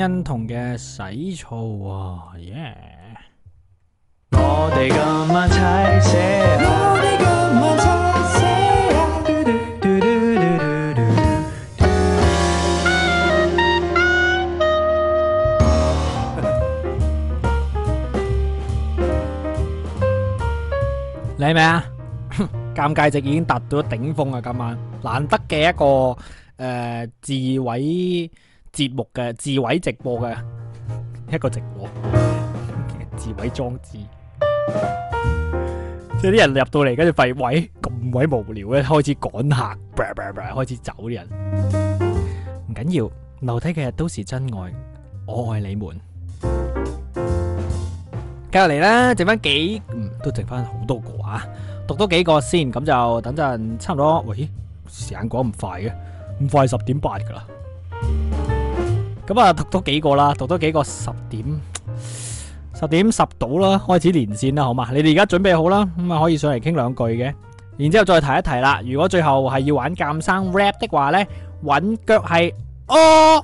恩同嘅洗澡啊，yeah！你咩啊？尷尬值已經達到頂峰啊！今晚難得嘅一個誒自衛。節目嘅自毀直播嘅一個直播嘅自毀裝置，即係啲人入到嚟跟住廢位咁鬼無聊咧，開始趕客，開始走，啲人唔緊要，樓梯嘅日都是真愛，我愛你們。繼續嚟啦，剩翻幾，嗯，都剩翻好多個啊，讀多幾個先，咁就等陣差唔多。喂，時間趕唔快嘅，唔快十點八噶啦。咁啊，讀多幾個啦，讀多幾個十點，十點十到啦，開始連線啦，好嘛？你哋而家準備好啦，咁啊可以上嚟傾兩句嘅。然之後再提一提啦，如果最後係要玩鑑生 rap 的話呢，揾腳係哦，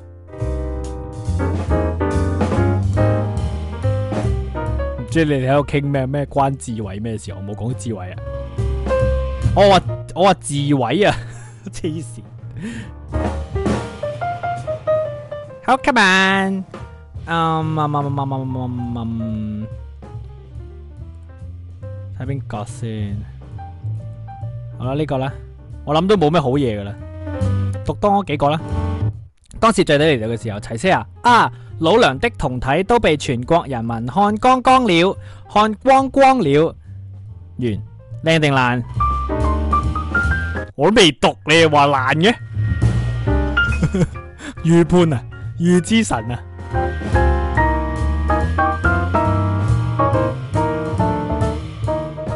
唔 (music) 知你哋喺度傾咩咩關時候智慧咩事啊？我冇講智慧啊，我話我話智慧啊，黐線。好，come on，嗯，媽咪，媽咪，媽咪，媽咪，媽咪，睇邊個先。好啦，呢個啦，我諗都冇咩好嘢噶啦。讀多我幾個啦。當時最底嚟到嘅時候，齊聲啊啊！老娘的同體都被全國人民看光光了，看光光了。完，靚定爛？我都未讀，你又話爛嘅？預判啊！月之神啊，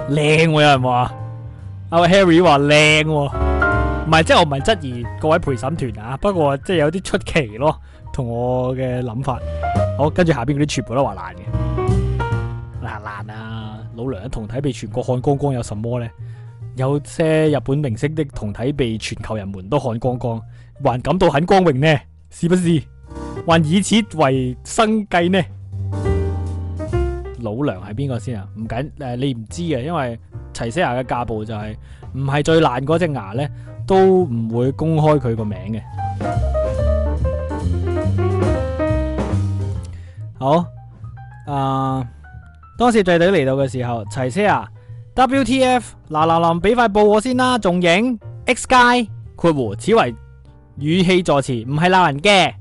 靚喎、啊、有人話，阿、oh, Harry 話靚，啊，唔係，即係我唔係質疑各位陪審團啊，不過即係有啲出奇咯，同我嘅諗法，好，跟住下邊嗰啲全部都話爛嘅，嗱爛啊，老娘嘅同體被全國看光光有什麼呢？有些日本明星的同體被全球人們都看光光，還感到很光榮呢？是不是？還以此為生計呢？老娘係邊個先啊？唔緊誒，你唔知嘅、啊，因為齊些牙嘅嫁步就係唔係最爛嗰隻牙咧，都唔會公開佢個名嘅。好、呃、誒，當時隊隊嚟到嘅時候，齊些牙 W T F 嗱嗱嗱，俾塊布我先啦，仲影 X guy 括弧，此為語氣助詞，唔係鬧人嘅。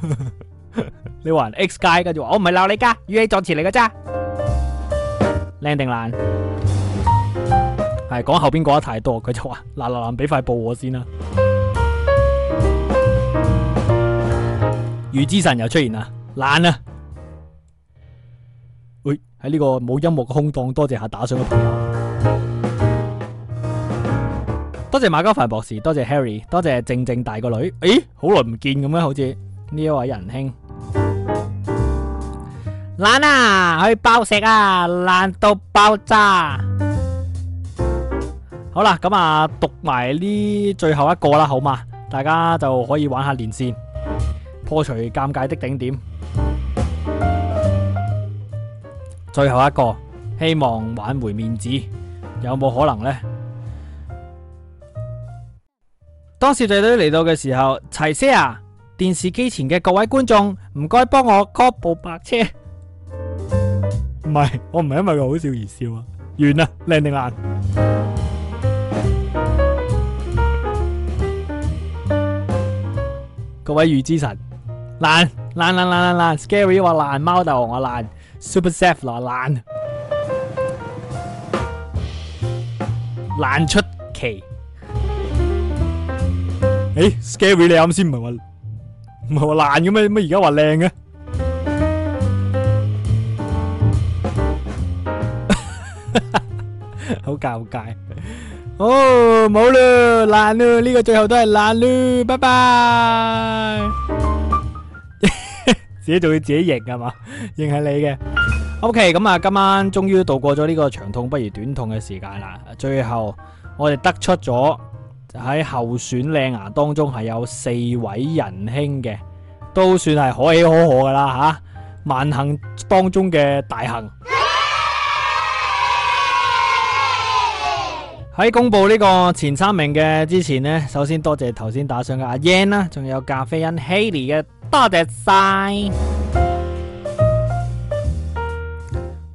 (laughs) 你話人 X 街跟住話我唔係鬧你噶，語氣助詞嚟噶咋？靚定爛？係講後邊講得太多，佢就話嗱嗱嗱，俾塊布我先啦。雨之神又出現啦，爛啊！喂、哎，喺呢個冇音樂嘅空檔，多謝下打賞嘅朋友，多謝馬家凡博士，多謝 Harry，多謝靜靜大個女，誒、欸，好耐唔見咁樣，好似。呢一位仁兄，爛啊，可以爆石啊，爛到爆炸！好啦，咁啊，讀埋呢最後一個啦，好嘛，大家就可以玩下連線，破除尷尬的頂點。最後一個，希望挽回面子，有冇可能呢？當小隊隊嚟到嘅時候，齊些啊！電視機前嘅各位觀眾，唔該幫我 call 部白車。唔係，我唔係因為佢好笑而笑啊。完啦，靚定爛？各位預知神，爛爛爛爛爛爛，scary 話爛，貓頭王話爛，super chef 話爛，爛出奇。誒，scary 你啱先唔係話？唔係話爛嘅咩？乜而家話靚嘅？好尷尬。哦，冇啦，爛啦，呢個最後都係爛啦。拜拜。 (music) 自己仲要自己認係嘛？認係你嘅。OK，咁啊，今晚終於度過咗呢個長痛不如短痛嘅時間啦。最後我哋得出咗。就喺候選靚牙當中係有四位仁兄嘅，都算係可喜可賀噶啦吓，萬幸當中嘅大幸。喺耶公布呢個前三名嘅之前呢，首先多謝頭先打賞嘅阿 Yan 啦，仲有咖啡因 Haley 嘅多謝晒。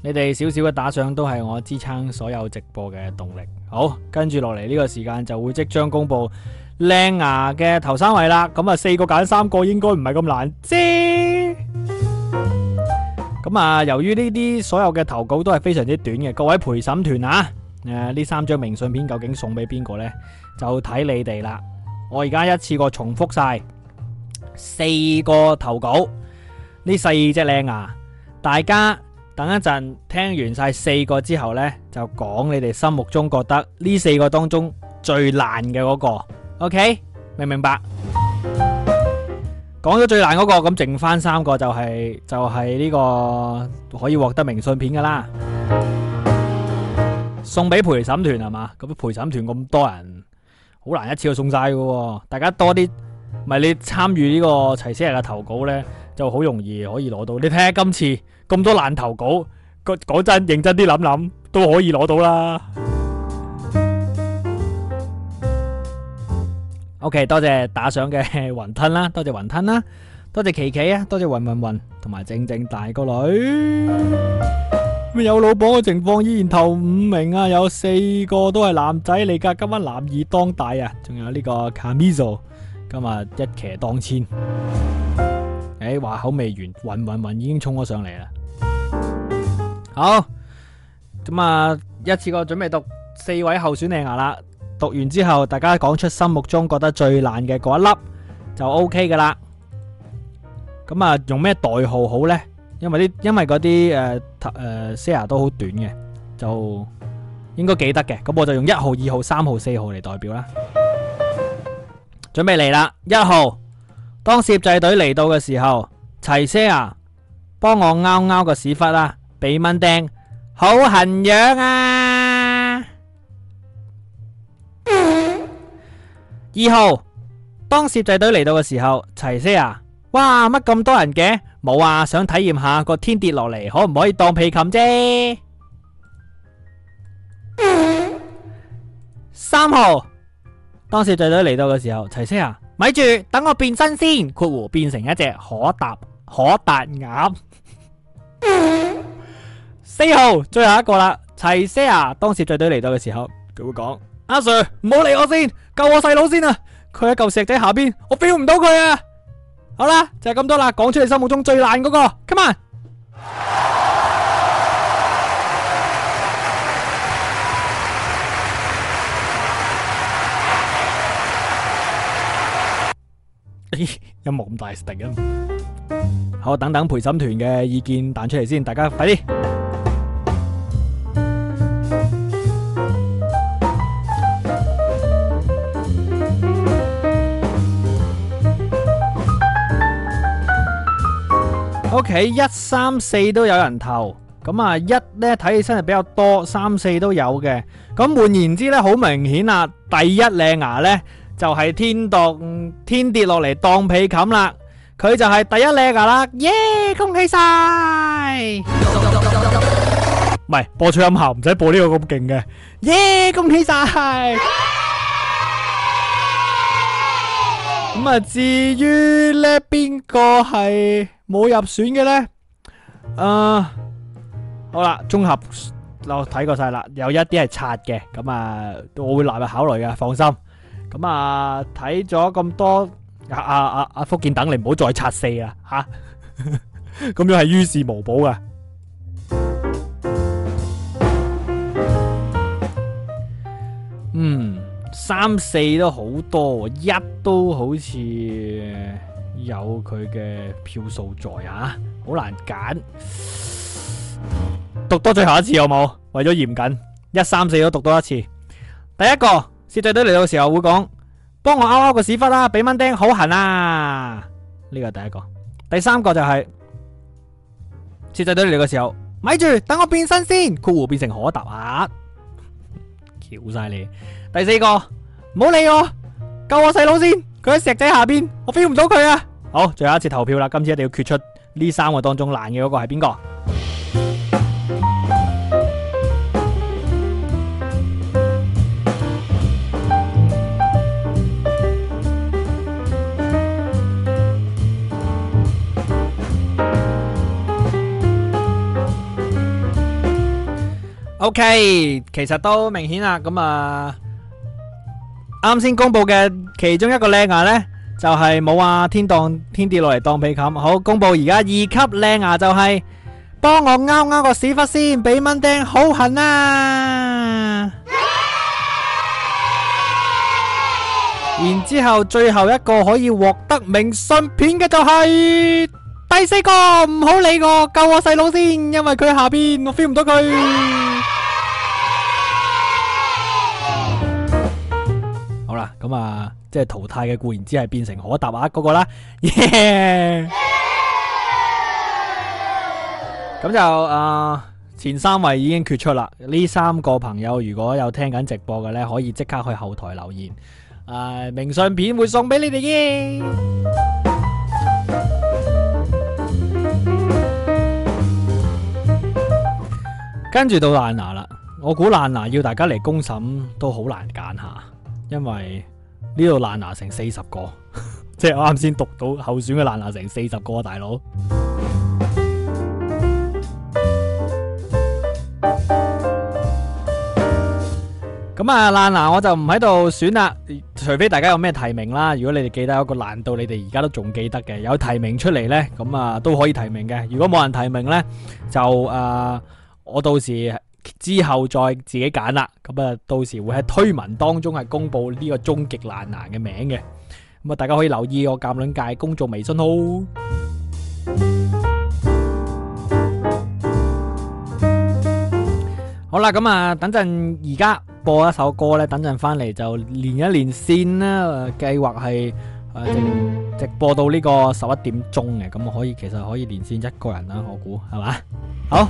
你哋少少嘅打賞都係我支撐所有直播嘅動力。好，跟住落嚟呢個時間就會即將公布靚牙嘅頭三位啦。咁啊，四個揀三個應該唔係咁難啫。咁啊，由於呢啲所有嘅投稿都係非常之短嘅，各位陪審團啊，誒、呃，呢三張明信片究竟送俾邊個呢？就睇你哋啦。我而家一次過重複晒四個投稿，呢四隻靚牙，大家。等一陣聽完晒四個之後呢，就講你哋心目中覺得呢四個當中最難嘅嗰個，OK 明唔明白？講咗 (music) 最難嗰個，咁剩翻三個就係就係呢個可以獲得明信片噶啦，送俾陪審團係嘛？咁陪審團咁多人，好難一次去送晒噶，大家多啲，唔係你參與呢個齊些牙嘅投稿呢，就好容易可以攞到。你睇下今次。咁多爛投稿，講講真認真啲諗諗都可以攞到啦。OK，多謝打賞嘅雲吞啦，多謝雲吞啦，多謝琪琪啊，多謝雲雲雲同埋正正大個女。咁啊，有老榜嘅情況依然頭五名啊，有四個都係男仔嚟噶，今晚男兒當大啊！仲有呢個 Camiso，今日一騎當千。誒，話口未完，雲雲雲已經沖咗上嚟啦。好，咁啊！一次過準備讀四位候選些牙啦。讀完之後，大家講出心目中覺得最難嘅，嗰一粒就 O K 噶啦。咁啊，用咩代號好呢？因為啲因為嗰啲誒誒，些牙都好短嘅，就應該記得嘅。咁我就用一號、二號、三號、四號嚟代表啦。準備嚟啦！一號，當攝製隊嚟到嘅時候，齊些牙，幫我撓撓個屎忽啦！被蚊叮，好痕癢啊！嗯、二號，當攝製隊嚟到嘅時候，齊聲啊！哇，乜咁多人嘅？冇啊，想體驗下個天跌落嚟，可唔可以當被冚啫？嗯、三號，當攝製隊嚟到嘅時候，齊聲啊！咪住，等我變身先，括弧變成一隻可達可達鴨。嗯四號最後一個啦，齊 Sir 當攝製隊嚟到嘅時候，佢會講：阿 Sir 唔好理我先，救我細佬先啊！佢喺嚿石仔下邊，我 feel 唔到佢啊！好啦，就係咁多啦，講出你心目中最爛嗰個，come on！咦，音樂咁大，靜音。好，等等陪審團嘅意見彈出嚟先，大家快啲。喺一三四都有人投，咁啊一呢睇起身係比較多，三四都有嘅。咁換言之呢，好明顯啦，第一靚牙呢，unseen, it, t ries 就係天當天跌落嚟當被冚啦，佢就係第一靚牙啦。耶，恭喜晒！唔係，播出音效，唔使播呢個咁勁嘅。耶，恭喜晒！咁啊，至於呢邊個係？Cadence, 冇入選嘅咧，啊，好啦，綜合我睇過晒啦，有一啲係刷嘅，咁啊，我會納入考慮嘅，放心。咁啊，睇咗咁多阿阿阿阿福建等你，唔好再刷四啦，吓，咁樣係於事無補㗎。嗯，三四都好多，一都好似。有佢嘅票數在啊，好難揀。讀多最後一次好冇？為咗嚴謹，一三四都讀多一次。第一個，攝製隊嚟到嘅時候會講，幫我拗拗個屎忽啦，俾蚊叮好痕啊！呢個第一個，第三個就係攝製隊嚟到嘅時候，咪住，等我變身先，括弧變成可達啊，叫晒你。第四個，唔好理我，救我細佬先。佢喺石仔下邊，我 feel 唔到佢啊！好，最後一次投票啦，今次一定要決出呢三個當中爛嘅嗰個係邊個？OK，其實都明顯啦，咁啊。啱先公布嘅其中一個靚牙呢，就係冇啊！天當天跌落嚟當被冚，好，公布而家二級靚牙就係，幫我勾勾個屎忽先，俾蚊叮好痕啊！然之後最後一個可以獲得明信片嘅就係，第四個，唔好理我救我細佬先，因為佢下邊我 feel 唔到佢。咁啊，即係淘汰嘅固然之係變成可答啊。嗰個啦，耶！ (noise) 咁就啊、呃，前三位已經決出啦。呢三個朋友如果有聽緊直播嘅呢，可以即刻去後台留言，誒、呃，明信片會送俾你哋嘅。 (music) 跟住到爛牙啦，我估爛牙要大家嚟公審都好難揀下。因為呢度爛牙成四十個，即係我啱先讀到候選嘅爛牙成四十個啊，大佬。咁啊，爛牙我就唔喺度選啦，除非大家有咩提名啦。如果你哋記得有一個爛到你哋而家都仲記得嘅，有提名出嚟，呢，咁啊都可以提名嘅。如果冇人提名呢，就誒，我到時。之後再自己揀啦，咁啊，到時會喺推文當中係公布呢個終極爛男嘅名嘅，咁啊，大家可以留意我鑑卵界工作微信號。好啦，咁啊，等陣而家播一首歌咧，等陣翻嚟就連一連線啦。計劃係誒直播到呢個十一點鐘嘅，咁我可以其實可以連線一個人啦，我估係嘛？好。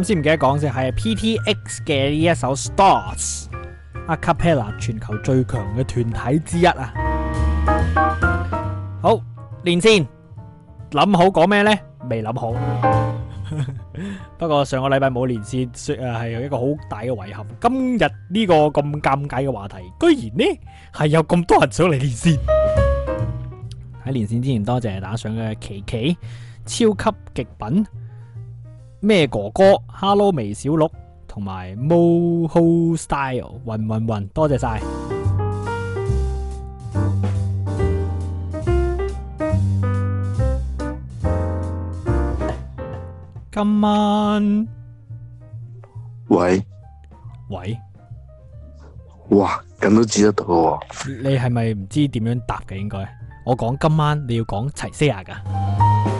咁先唔記得講先，係 PTX 嘅呢一首 Stars，阿 Cappella 全球最強嘅團體之一啊！好，連線，諗好講咩呢？未諗好。 (laughs) 不過上個禮拜冇連線，誒係有一個好大嘅遺憾。今日呢個咁尷尬嘅話題，居然呢係有咁多人想嚟連線。喺 (laughs) 連線之前，多謝打賞嘅琪琪，超級極品。咩哥哥，Hello 微小鹿，同埋 Moho Style，云云云，多謝晒。今晚喂喂，喂哇，咁都知得到喎？你係咪唔知點樣答嘅？應該我講今晚你要講齊些牙噶。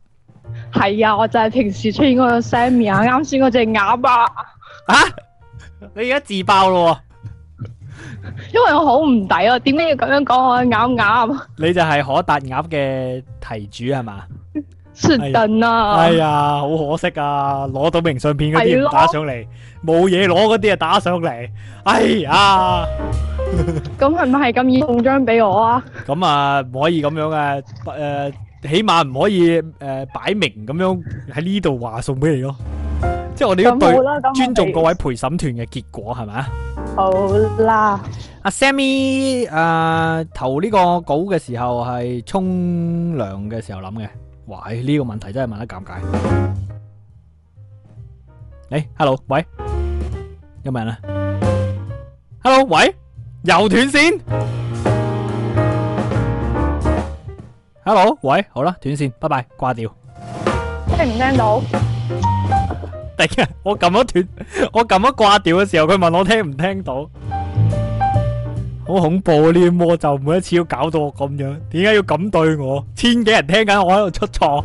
係啊，我就係平時出現嗰個 Sammy 啊，啱先嗰隻鴨啊，吓，你而家自爆咯，因為我好唔抵啊，點解要咁樣講我鴨鴨？你就係可達鴨嘅題主係嘛 s t 啊、哎，哎呀，好可惜啊，攞到明信片嗰啲唔打上嚟，冇嘢攞嗰啲啊打上嚟，哎呀，咁佢咪係咁易送張俾我啊？咁啊，唔可以咁樣嘅、啊，誒。呃起碼唔可以誒擺明咁樣喺呢度話送俾你咯，即係我哋要對尊重各位陪審團嘅結果係咪？好啦，阿 Sammy 誒投呢個稿嘅時候係沖涼嘅時候諗嘅，哇！呢個問題真係問得尷尬。誒，Hello，喂，有冇人啊？Hello，喂，又斷線。Hello，喂，好啦，斷線，拜拜，掛掉。聽唔聽到？突然，我撳咗斷，我撳咗掛掉嘅時候，佢問我聽唔聽到？好恐怖啊！呢啲魔咒每一次都搞到我咁樣，點解要咁對我？千幾人聽緊，我喺度出錯。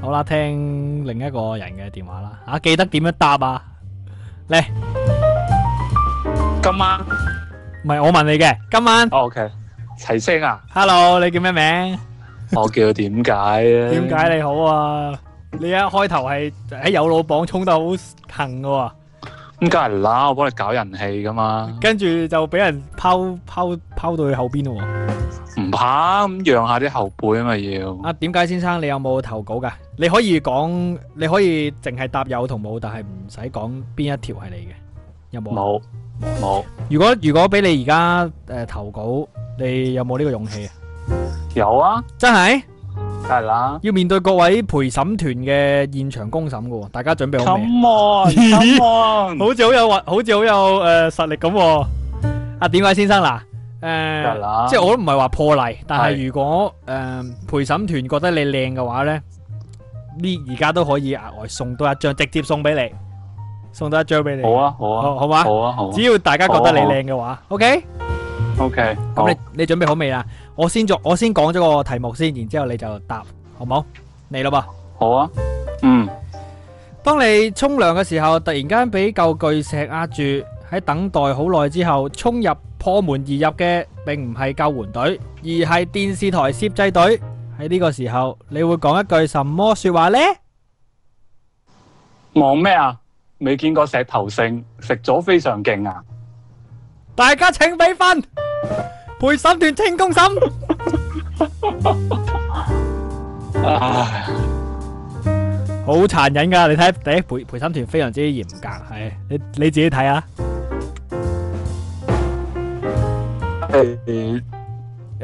好啦，聽另一個人嘅電話啦。啊，記得點樣答啊？嚟，今晚。唔係我問你嘅，今晚。OK。齊些牙！Hello，你叫咩名？ (laughs) 我叫點解咧？點解你好啊！你一開頭係喺有老榜衝到好近嘅喎，咁梗係啦，我幫你搞人氣噶嘛。跟住就俾人拋拋拋到去後邊咯啊。唔怕，咁讓下啲後輩啊嘛要。啊，點解先生你有冇投稿嘅？你可以講，你可以淨係答有同冇，但係唔使講邊一條係你嘅，有冇？冇。冇。如果如果俾你而家誒投稿，你有冇呢個勇氣啊？有啊，真係？梗係啦。要面對各位陪審團嘅現場公審嘅喎，大家準備好未？咁啊，咁啊，好似好有，好似好有誒實力咁。阿點解先生嗱，誒，梗係啦。即係我都唔係話破例，但係如果誒陪審團覺得你靚嘅話咧，呢而家都可以額外送多一張，直接送俾你。送多一張俾你。好啊，好啊，好嘛，好啊，好。只要大家覺得你靚嘅話，OK，OK。咁你你準備好未啊？我先做，我先講咗個題目先，然之後你就答，好冇？嚟咯噃。好啊。嗯。當你沖涼嘅時候，突然間俾舊巨石壓住，喺等待好耐之後，衝入破門而入嘅，並唔係救援隊，而係電視台攝製隊。喺呢個時候，你會講一句什麼說話呢？望咩啊？未見過石頭性，食咗非常勁啊！大家請畀分，陪審團清公審，好殘忍噶！你睇第一陪陪審團非常之嚴格，係你你自己睇下！ (noise)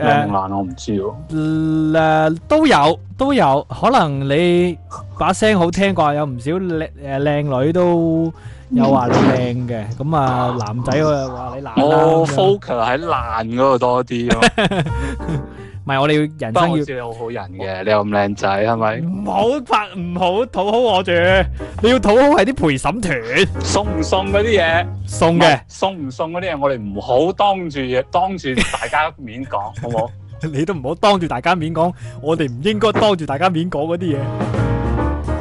靚男我唔知咯，誒，都有都有，可能你把聲好聽啩，有唔少誒靚女都有話你靚嘅，咁啊男仔我又話你男。我 focus 喺爛嗰度多啲咯。唔係我哋要人生要，我知你好好人嘅，我你又咁靚仔係咪？唔好拍，唔好討好我住。你要討好係啲陪審團的，送唔送嗰啲嘢？送嘅，送唔送嗰啲嘢我哋唔好當住當住大家面講， (laughs) 好唔好？你都唔好當住大家面講，我哋唔應該當住大家面講嗰啲嘢。 (laughs)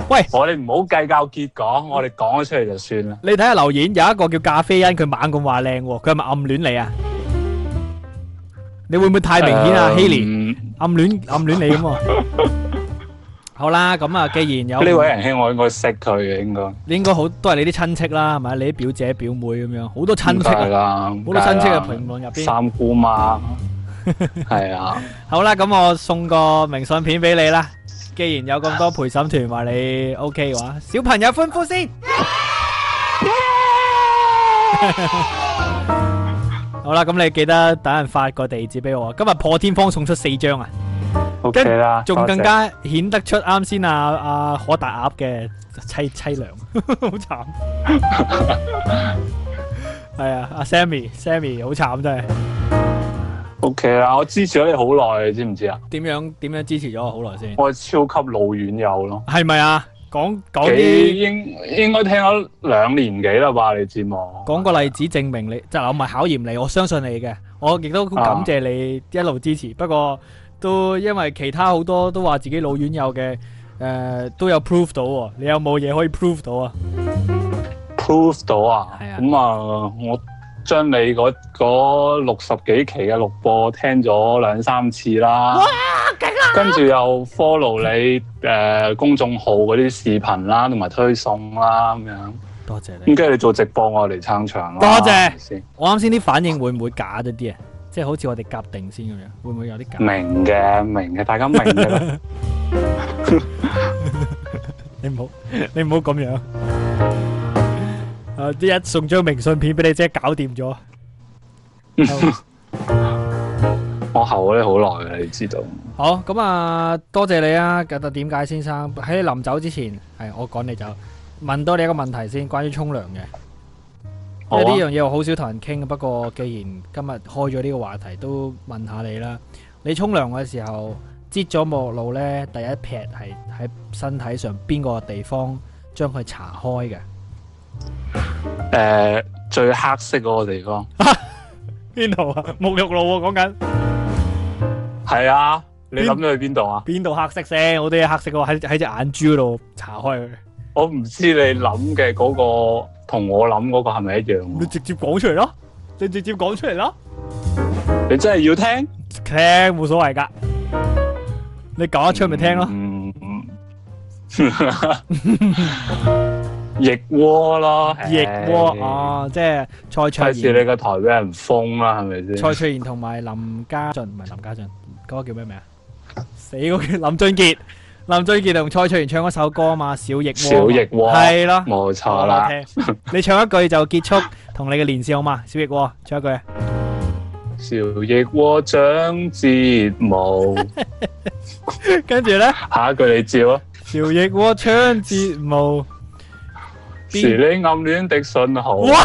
喂，我哋唔好計較結果，我哋講咗出嚟就算啦。你睇下留言，有一個叫咖啡因，佢猛咁話靚，佢係咪暗戀你啊？你會唔會太明顯啊，希蓮暗戀暗戀你咁啊？好啦，咁啊，既然有呢位仁兄，我應該識佢嘅應該。應該好都係你啲親戚啦，係咪啊？你啲表姐表妹咁樣，好多親戚啊，好多親戚嘅，評論入邊。三姑媽係啊。好啦，咁我送個明信片俾你啦。既然有咁多陪審團話你 OK 嘅話，小朋友歡呼先。好啦，咁你記得等陣發個地址俾我。今日破天荒送出四張啊，okay 啦，仲更加顯得出啱先啊阿可達鴨嘅凄凄涼，好慘。係啊，阿 Sammy，Sammy 好慘真係。O K 啦，我支持咗你好耐，你知唔知啊？點樣點樣支持咗我好耐先？我係超級老遠友咯。係咪啊？講講啲應應該聽咗兩年幾啦吧？你節目講個例子證明你，是的 就我唔係考驗你，我相信你嘅，我亦都好感謝你一路支持。啊、不過都因為其他好多都話自己老院友嘅，誒、呃、都有 prove 到，你有冇嘢可以 prove 到啊？prove 到啊？係啊，咁是的 啊我。將你嗰六十幾期嘅錄播聽咗兩三次啦，哇，跟住又 follow 你誒、呃、公眾號嗰啲視頻啦，同埋推送啦咁樣。多謝你。咁跟住你做直播，我嚟撐場啦。多謝。先我啱先啲反應會唔會假咗啲啊？即係好似我哋夾定先咁樣，會唔會有啲假？明嘅，明嘅，大家明嘅啦。 (laughs) (laughs) 你唔好，你唔好咁樣。誒，即、啊、一送張明信片俾你，即係搞掂咗。我候你好耐啦，你知道。好，咁啊，多謝你啊。咁特點解先生喺臨走之前，係我趕你走？問多你一個問題先，關於沖涼嘅。呢樣嘢我好少同人傾，不過既然今日開咗呢個話題，都問下你啦。你沖涼嘅時候，擠咗沐浴露呢？第一撇係喺身體上邊個地方將佢搽開嘅？誒、呃，最黑色嗰個地方邊度啊？沐浴露喎，講緊係啊！你諗咗去邊度啊？邊度黑色先？我啲係黑色喺喺隻眼珠嗰度搽開佢。我唔知你諗嘅嗰個同我諗嗰個係咪一樣，啊你。你直接講出嚟咯，你直接講出嚟咯。你真係要聽聽冇所謂噶，你講一出咪聽咯。嗯嗯嗯 (laughs) (laughs) 腋窩咯，腋窩哦，即係蔡卓妍還你個台俾人封啦，係咪先？蔡卓妍同埋林家俊唔係林家俊，歌、嗰個、叫咩名？ (laughs) 死個林俊傑，林俊傑同蔡卓妍唱嗰首歌啊嘛，小腋窩，小腋窩係咯，冇錯咯啦。你唱一句就結束，同你嘅連線好嘛？小腋窩，唱一句。小腋窩長睫毛， (laughs) 跟住咧呢，下一句你照啊。小腋窩長睫毛。是你暗戀的信號。哇！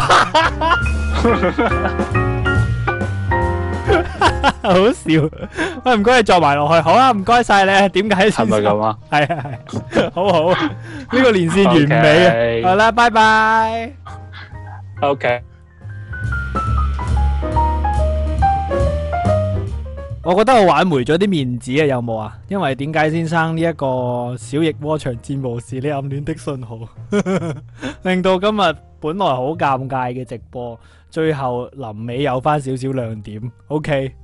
好笑，喂，唔該你坐埋落去，好啊，唔該晒你。點解？係咪咁啊？係啊係，好好，呢個連線完美啊！好啦，拜拜。OK。我覺得我挽回咗啲面子啊，有冇啊？因為點解先生呢一個小熱窩場戰無視呢暗戀的信號， (laughs) 令到今日本來好尷尬嘅直播，最後臨尾有翻少少亮點。OK，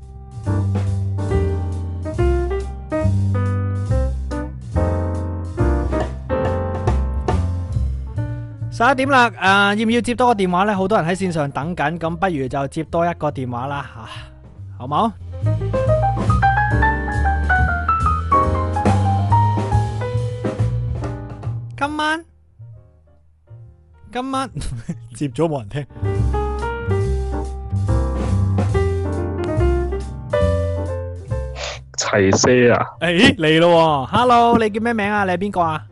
十一點啦，誒、呃，要唔要接多個電話呢？好多人喺線上等緊，咁不如就接多一個電話啦吓，好冇？今晚，今晚 (laughs) 接咗冇人聽，齊些啊！哎、欸，嚟咯、啊，Hello，你叫咩名啊？你係邊個啊？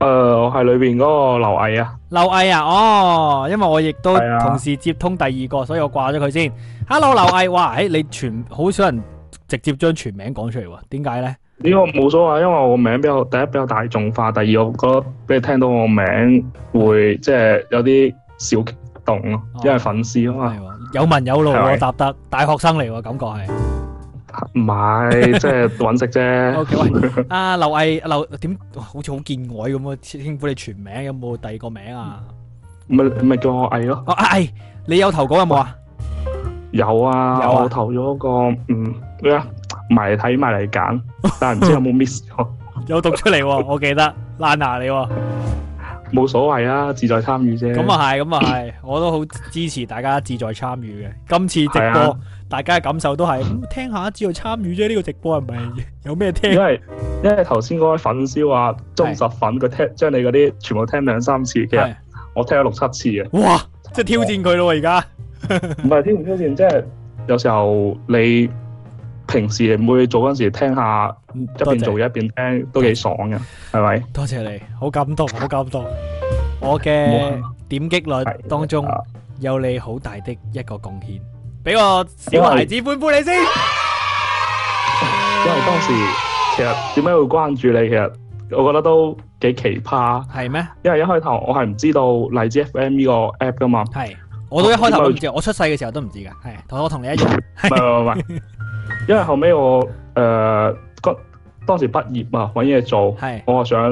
誒、呃，我係裏邊嗰個劉毅啊，劉毅啊，哦，因為我亦都同時接通第二個，所以我掛咗佢先。Hello，劉毅，哇，誒、欸，你全好少人直接將全名講出嚟喎？點解咧？呢個冇所謂，因為我名比較第一比較大眾化，第二我覺得俾你聽到我名會即係有啲小激動咯，因為粉絲啊嘛，哦、以有文有路的我答得大學生嚟喎，感覺係。唔係，即係搵食啫。喂、Okay，阿劉毅，劉點好似好見外咁啊？稱呼你全名，有冇第二個名啊？咪咪叫我毅咯。哦，毅、哎，你有投稿有冇啊？有啊，有啊我投咗個嗯咩啊？埋嚟睇，埋嚟揀，但係唔知有冇 miss 咗。有讀出嚟、啊，我記得。拉娜 (laughs) 你、啊。冇所謂啊，自在參與啫。咁啊係，咁啊係， (coughs) 我都好支持大家自在參與嘅。今次直播，啊、大家嘅感受都係、嗯、聽一下，自在參與啫。呢、這個直播係咪有咩聽因？因為因為頭先嗰個粉燒話忠實粉佢聽將你嗰啲全部聽兩三次嘅，我聽咗六七次嘅。哇！即係挑戰佢咯、啊，而家唔係挑唔挑戰，即、就、係、是、有時候你。平時唔會做嗰時聽下，一邊做一邊聽都幾爽嘅，係咪？多謝你，好感動，好感動。我嘅點擊率當中有你好大的一個貢獻，俾個小孩子歡呼你先。因為你。因為當時其實點解會關注你？其實我覺得都幾奇葩。係咩？因為一開頭我係唔知道荔枝 FM 呢個 app 噶嘛係，我都一開頭都唔知，啊這個、我出世嘅時候都唔知噶係，我同你一樣。唔係唔因為後尾我誒嗰、呃、當時畢業嘛，搵嘢做，我係想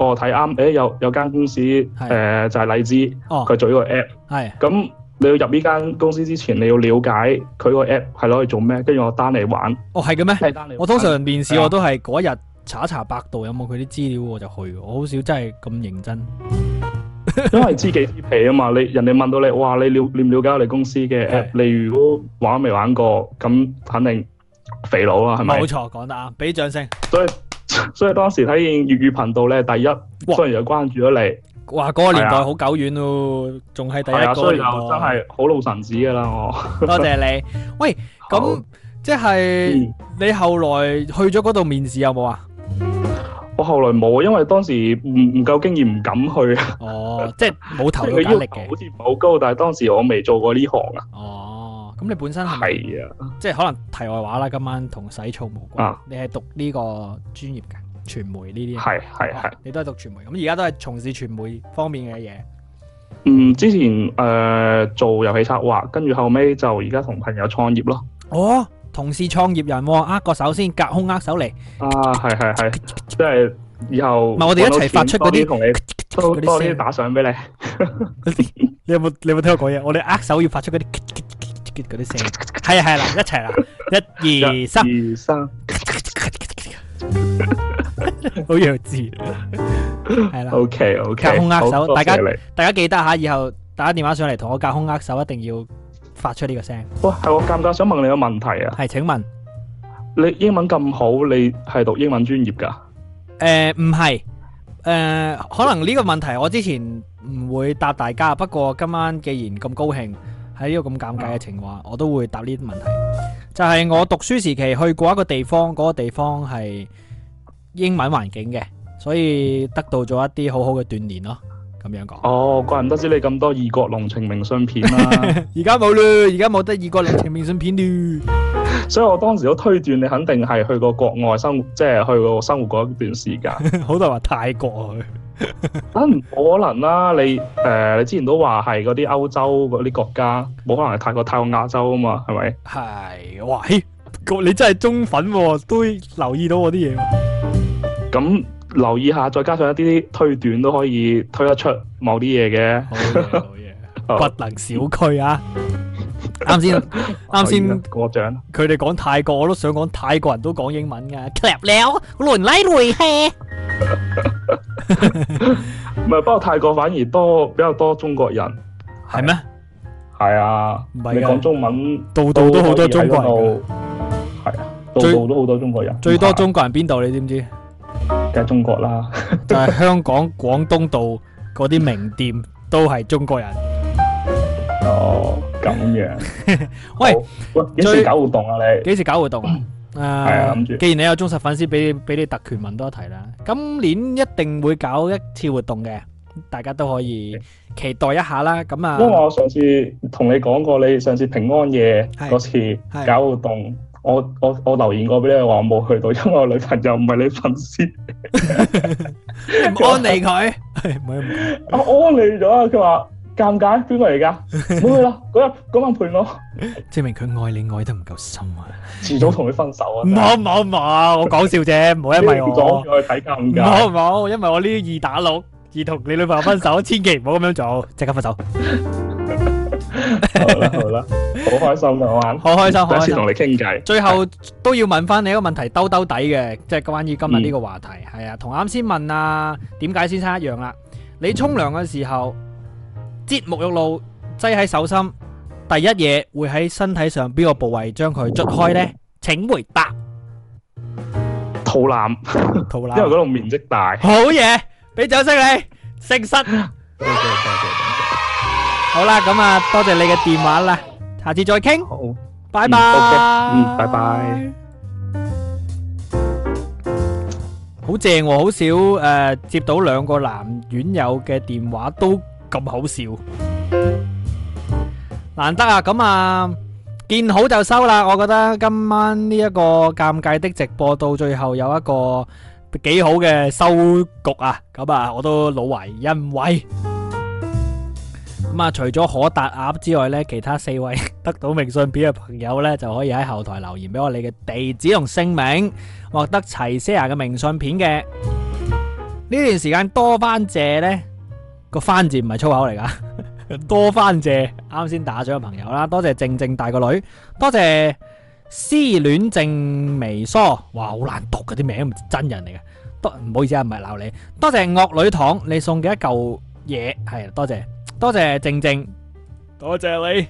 我睇啱，誒、欸、有有間公司誒的、呃、就係、是、荔枝，佢、哦、做呢個 app 的。咁，你要入呢間公司之前，你要了解佢個 app 係攞嚟做咩？跟住我單嚟玩。哦，係嘅咩？的我通常面試我都係嗰一日查一查百度有冇佢啲資料我就去，我好少真係咁認真。 (laughs) 因為知己知彼啊嘛，你人哋問到你，哇！你了了唔了解我哋公司嘅 app？的你如果玩未玩過，咁肯定。肥佬啊，係咪？冇錯，講得啱，俾掌聲。所以所以當時睇見粵語頻道咧，第一，哇，雖然又關注咗你。哇，嗰個年代好久遠咯，仲係第一個。所以就真係好老神子噶啦，我多謝你。喂，咁即係你後來去咗嗰度面試有冇啊？我後來冇，因為當時唔唔夠經驗，唔敢去。哦，即係冇投簡歷嘅，好似唔好高，但係當時我未做過呢行啊。哦。咁你本身係啊，即係可能題外話啦。今晚同洗醋無關，啊、你係讀呢個專業嘅傳媒呢啲？係係係，你都係讀傳媒，咁而家都係從事傳媒方面嘅嘢。嗯，之前誒、呃、做遊戲策劃，跟住後尾就而家同朋友創業咯。哦，同事創業，人握個手先，隔空握手嚟啊。係係係，即係以後咪我哋一齊發出嗰啲同你，我哋打賞俾你。你有冇 (laughs) 你有冇聽我講嘢？我哋握手要發出嗰啲。嗰啲聲係啊係啦，一齊啦，一二三，好弱智，係啦。OK OK，隔空握手，大家大家記得吓，以後打電話上嚟同我隔空握手，一定要發出呢個聲。哇，係我尷尬想問你個問題啊。係請問，你英文咁好，你係讀英文專業㗎？誒唔係，誒可能呢個問題我之前唔會答大家，不過今晚既然咁高興。喺呢個咁尷尬嘅情況，我都會答呢啲問題。就係、是、我讀書時期去過一個地方，嗰、那個地方係英文環境嘅，所以得到咗一啲好好嘅鍛鍊咯。咁樣講。哦，怪唔得知你咁多異國濃情明信片啦、啊。而家冇喇，而家冇得異國濃情明信片。所以我當時都推斷你肯定係去過國外生活，即係去過生活過一段時間。 (laughs) 好多人話泰國啊。去梗 (laughs) 可能啦、啊！你誒、呃，你之前都話係嗰啲歐洲嗰啲國家，冇可能係太過太過亞洲啊嘛，係咪？係， (laughs) 哇嘿！你真係忠粉、啊，都留意到我啲嘢、啊。咁留意一下，再加上一啲推斷，都可以推得出某啲嘢嘅，不能小覷啊！啱先，啱先過獎，佢哋講泰國，我都想講泰國人都講英文噶。Clip 料， (laughs) (laughs) 我亂嚟亂去。唔係，不過泰國反而多比較多中國人，係咩？係啊，唔係，你講中文，度度都好多中國人，係啊，度度都好多中國人。最多中國人邊度？你知唔知？梗係中國啦， (laughs) 就係香港廣東道嗰啲名店都係中國人。哦，咁樣。喂，幾時搞活動啊？你幾時搞活動啊？係啊，諗住。既然你有忠實粉絲，俾你俾你特權問多一題啦。今年一定會搞一次活動嘅，大家都可以期待一下啦。咁啊，因為我上次同你講過，你上次平安夜嗰次搞活動，我我我留言過俾你，話我冇去到，因為我女朋友唔係你粉絲。安利佢，唔係，阿安利咗啊，佢話。尷尬，邊個嚟噶？冇去啦，嗰日嗰晚陪我，證明佢愛你愛得唔夠深啊！遲早同佢分手啊！唔好唔好唔好，我講笑啫，唔好因為我，再睇尷尬，唔好唔好，因為我呢啲二打六而同你女朋友分手，千祈唔好咁樣做，即刻分手。好啦好啦，好開心啊，好開心，第一次同你傾偈。最後都要問翻你一個問題，兜兜底嘅，即係關於今日呢個話題，係啊，同啱先問啊點解先生一樣啦，你沖涼嘅時候。接沐浴露擠喺手心，第一嘢會喺身體上邊個部位將佢捽開咧？請回答。肚腩，肚腩，因為嗰度面積大。好嘢，俾掌聲你，食失。多謝，多謝，多謝。好啦，咁啊，多謝你嘅電話啦，下次再傾，好，拜拜。嗯，拜拜。好正，好少誒，接到兩個男網友嘅電話都。咁好笑，難得啊！咁啊，見好就收啦。我覺得今晚呢一個尷尬的直播到最後有一個幾好嘅收局啊！咁啊，我都老懷欣慰。咁啊，除咗可達鴨之外咧，其他四位得到明信片嘅朋友咧，就可以喺後台留言俾我你嘅地址同姓名，獲得齊些牙嘅明信片嘅。呢段時間多番謝咧。個番字唔係粗口嚟噶，多番謝，啱先打咗個朋友啦，多謝靜靜大個女，多謝思戀靜微梳，哇，好難讀嗰啲名，真人嚟嘅，多唔好意思啊，唔係鬧你，多謝惡女糖，你送嘅一嚿嘢係多謝，多謝靜靜，多謝你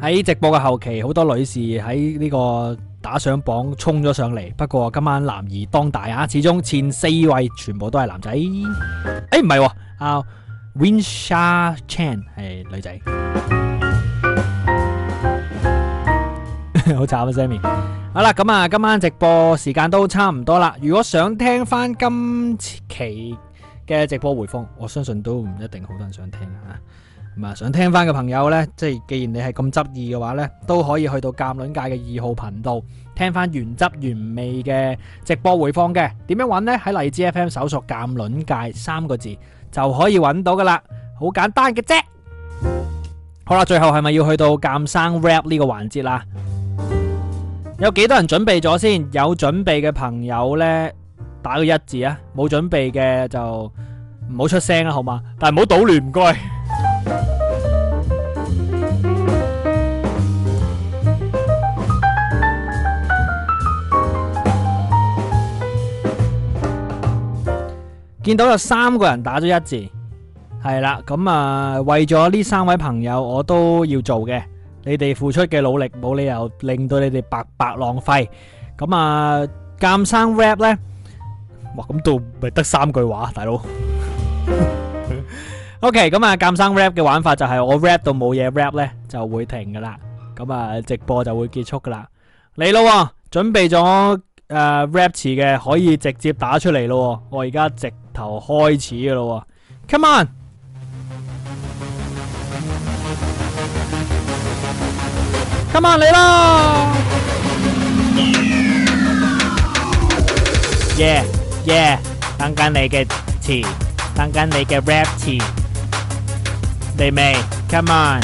喺直播嘅後期，好多女士喺呢個。打上榜衝咗上嚟，不過今晚男兒當大啊！始終前四位全部都係男仔，誒、欸、唔係喎，啊啊，Winsha Chan 係女仔、 (laughs) 啊，好慘啊 Sammy！好啦，咁啊今晚直播時間都差唔多啦，如果想聽翻今期嘅直播回放，我相信都唔一定好多人想聽想聽翻嘅朋友呢，即係既然你係咁執意嘅話呢，都可以去到鑑輪界嘅二號頻道聽翻原汁原味嘅直播回放嘅。點樣搵呢？喺荔枝 F.M. 搜索鑑輪界三個字就可以搵到噶啦，好簡單嘅啫。好啦，最後係咪要去到鑑生 rap 呢個環節啦？有幾多人準備咗先？有準備嘅朋友呢，打個一字啊！冇準備嘅就唔好出聲啦，好嘛？但係唔好搗亂，唔該。見到有三個人打咗一字，係啦，咁啊，為咗呢三位朋友，我都要做嘅。你哋付出嘅努力，冇理由令到你哋白白浪費。咁啊，鑑生 rap 呢，哇，咁度咪得三句話，大佬。O K，咁啊，鑑、okay，生 rap 嘅玩法就係我 rap 到冇嘢 rap 呢就會停噶啦。咁啊，直播就會結束噶啦。你咯，準備咗誒、呃、rap 詞嘅，可以直接打出嚟咯。我而家直頭開始噶咯。Come on，Come on，Come on 囉 yeah, yeah，等你啦。Yeah，yeah，等緊你嘅詞，等緊你嘅 rap 詞。你未？Come on！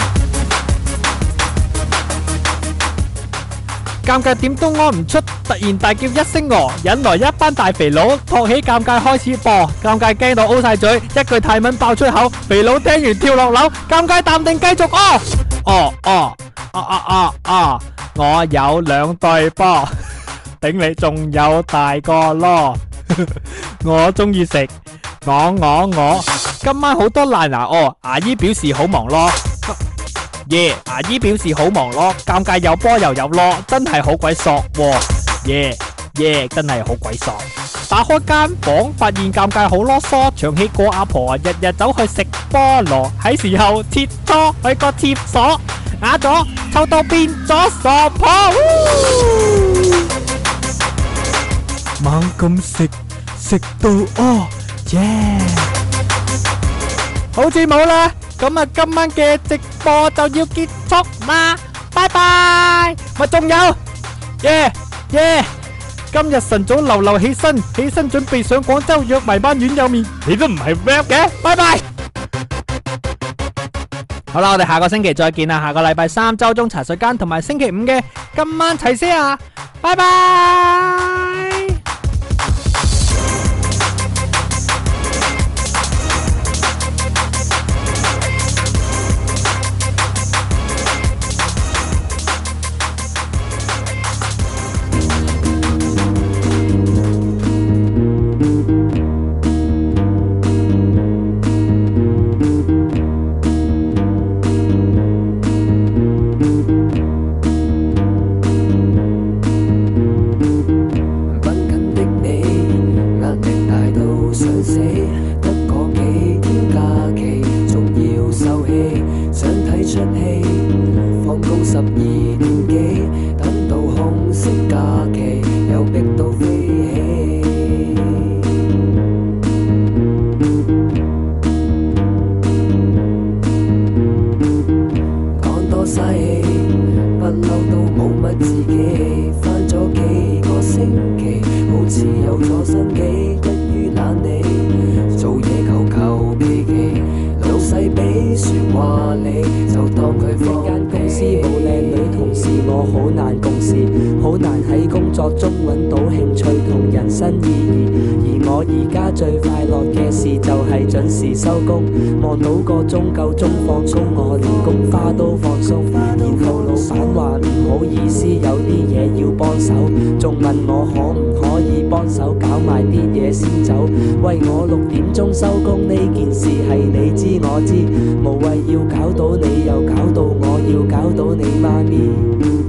尷尬點都屙唔出，突然大叫一聲鵝，引來一班大肥佬托起尷尬開始播。尷尬驚到嘔晒嘴，一句泰文爆出口，肥佬聽完跳落樓。尷尬淡定繼續屙，哦哦，哦哦哦，啊啊啊啊，我有兩對波，頂你仲有大個咯！ (laughs) 我中意食，我我我。今晚好多爛牙哦，牙醫表示好忙咯。耶，牙醫表示好忙咯。尷尬有波又有囉，真係好鬼索，哦。耶耶，真係好鬼索。打開間房間，發現尷尬好囉嗦，長氣過阿婆，日日走去食菠蘿，喺時候切多，去個廁所，啞咗，臭到變咗傻婆。猛咁食食到哦，耶、yeah!。好似冇啦，咁啊今晚嘅直播就要結束啦，拜拜。咪仲有，耶耶。今日晨早流流起身，起身準備上廣州約埋班院友面。你都唔係 rap 嘅，拜拜。好啦，我哋下個星期再見啦，下個禮拜三周中茶水間同埋星期五嘅今晚齊些牙，拜拜。件事係你知我知，無謂要搞到你又搞到我，要搞到你媽咪。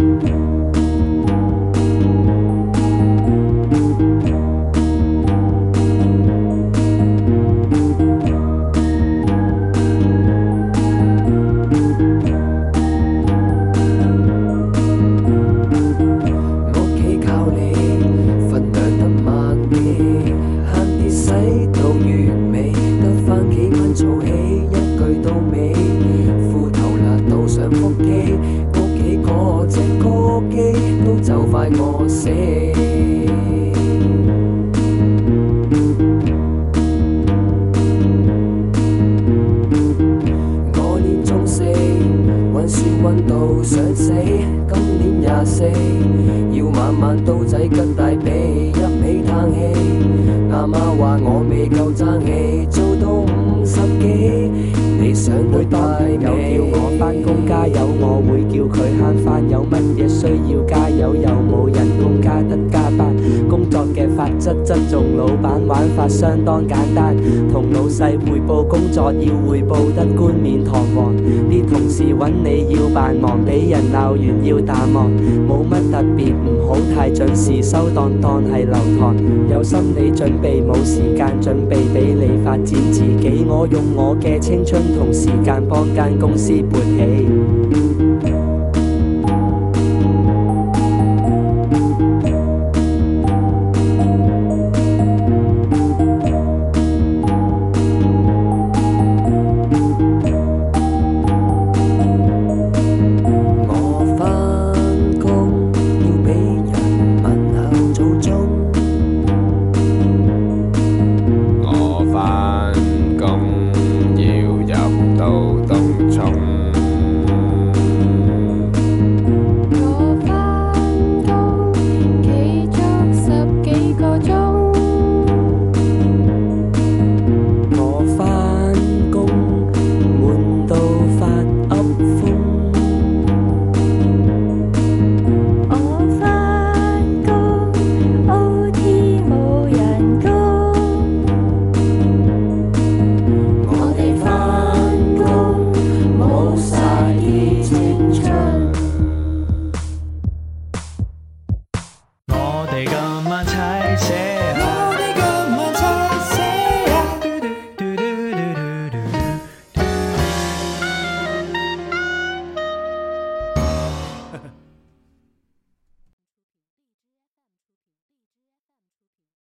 冇乜特別，唔好太準時收檔。當係留堂。有心理準備，冇時間準備俾你發展自己。我用我嘅青春同時間幫間公司撥起。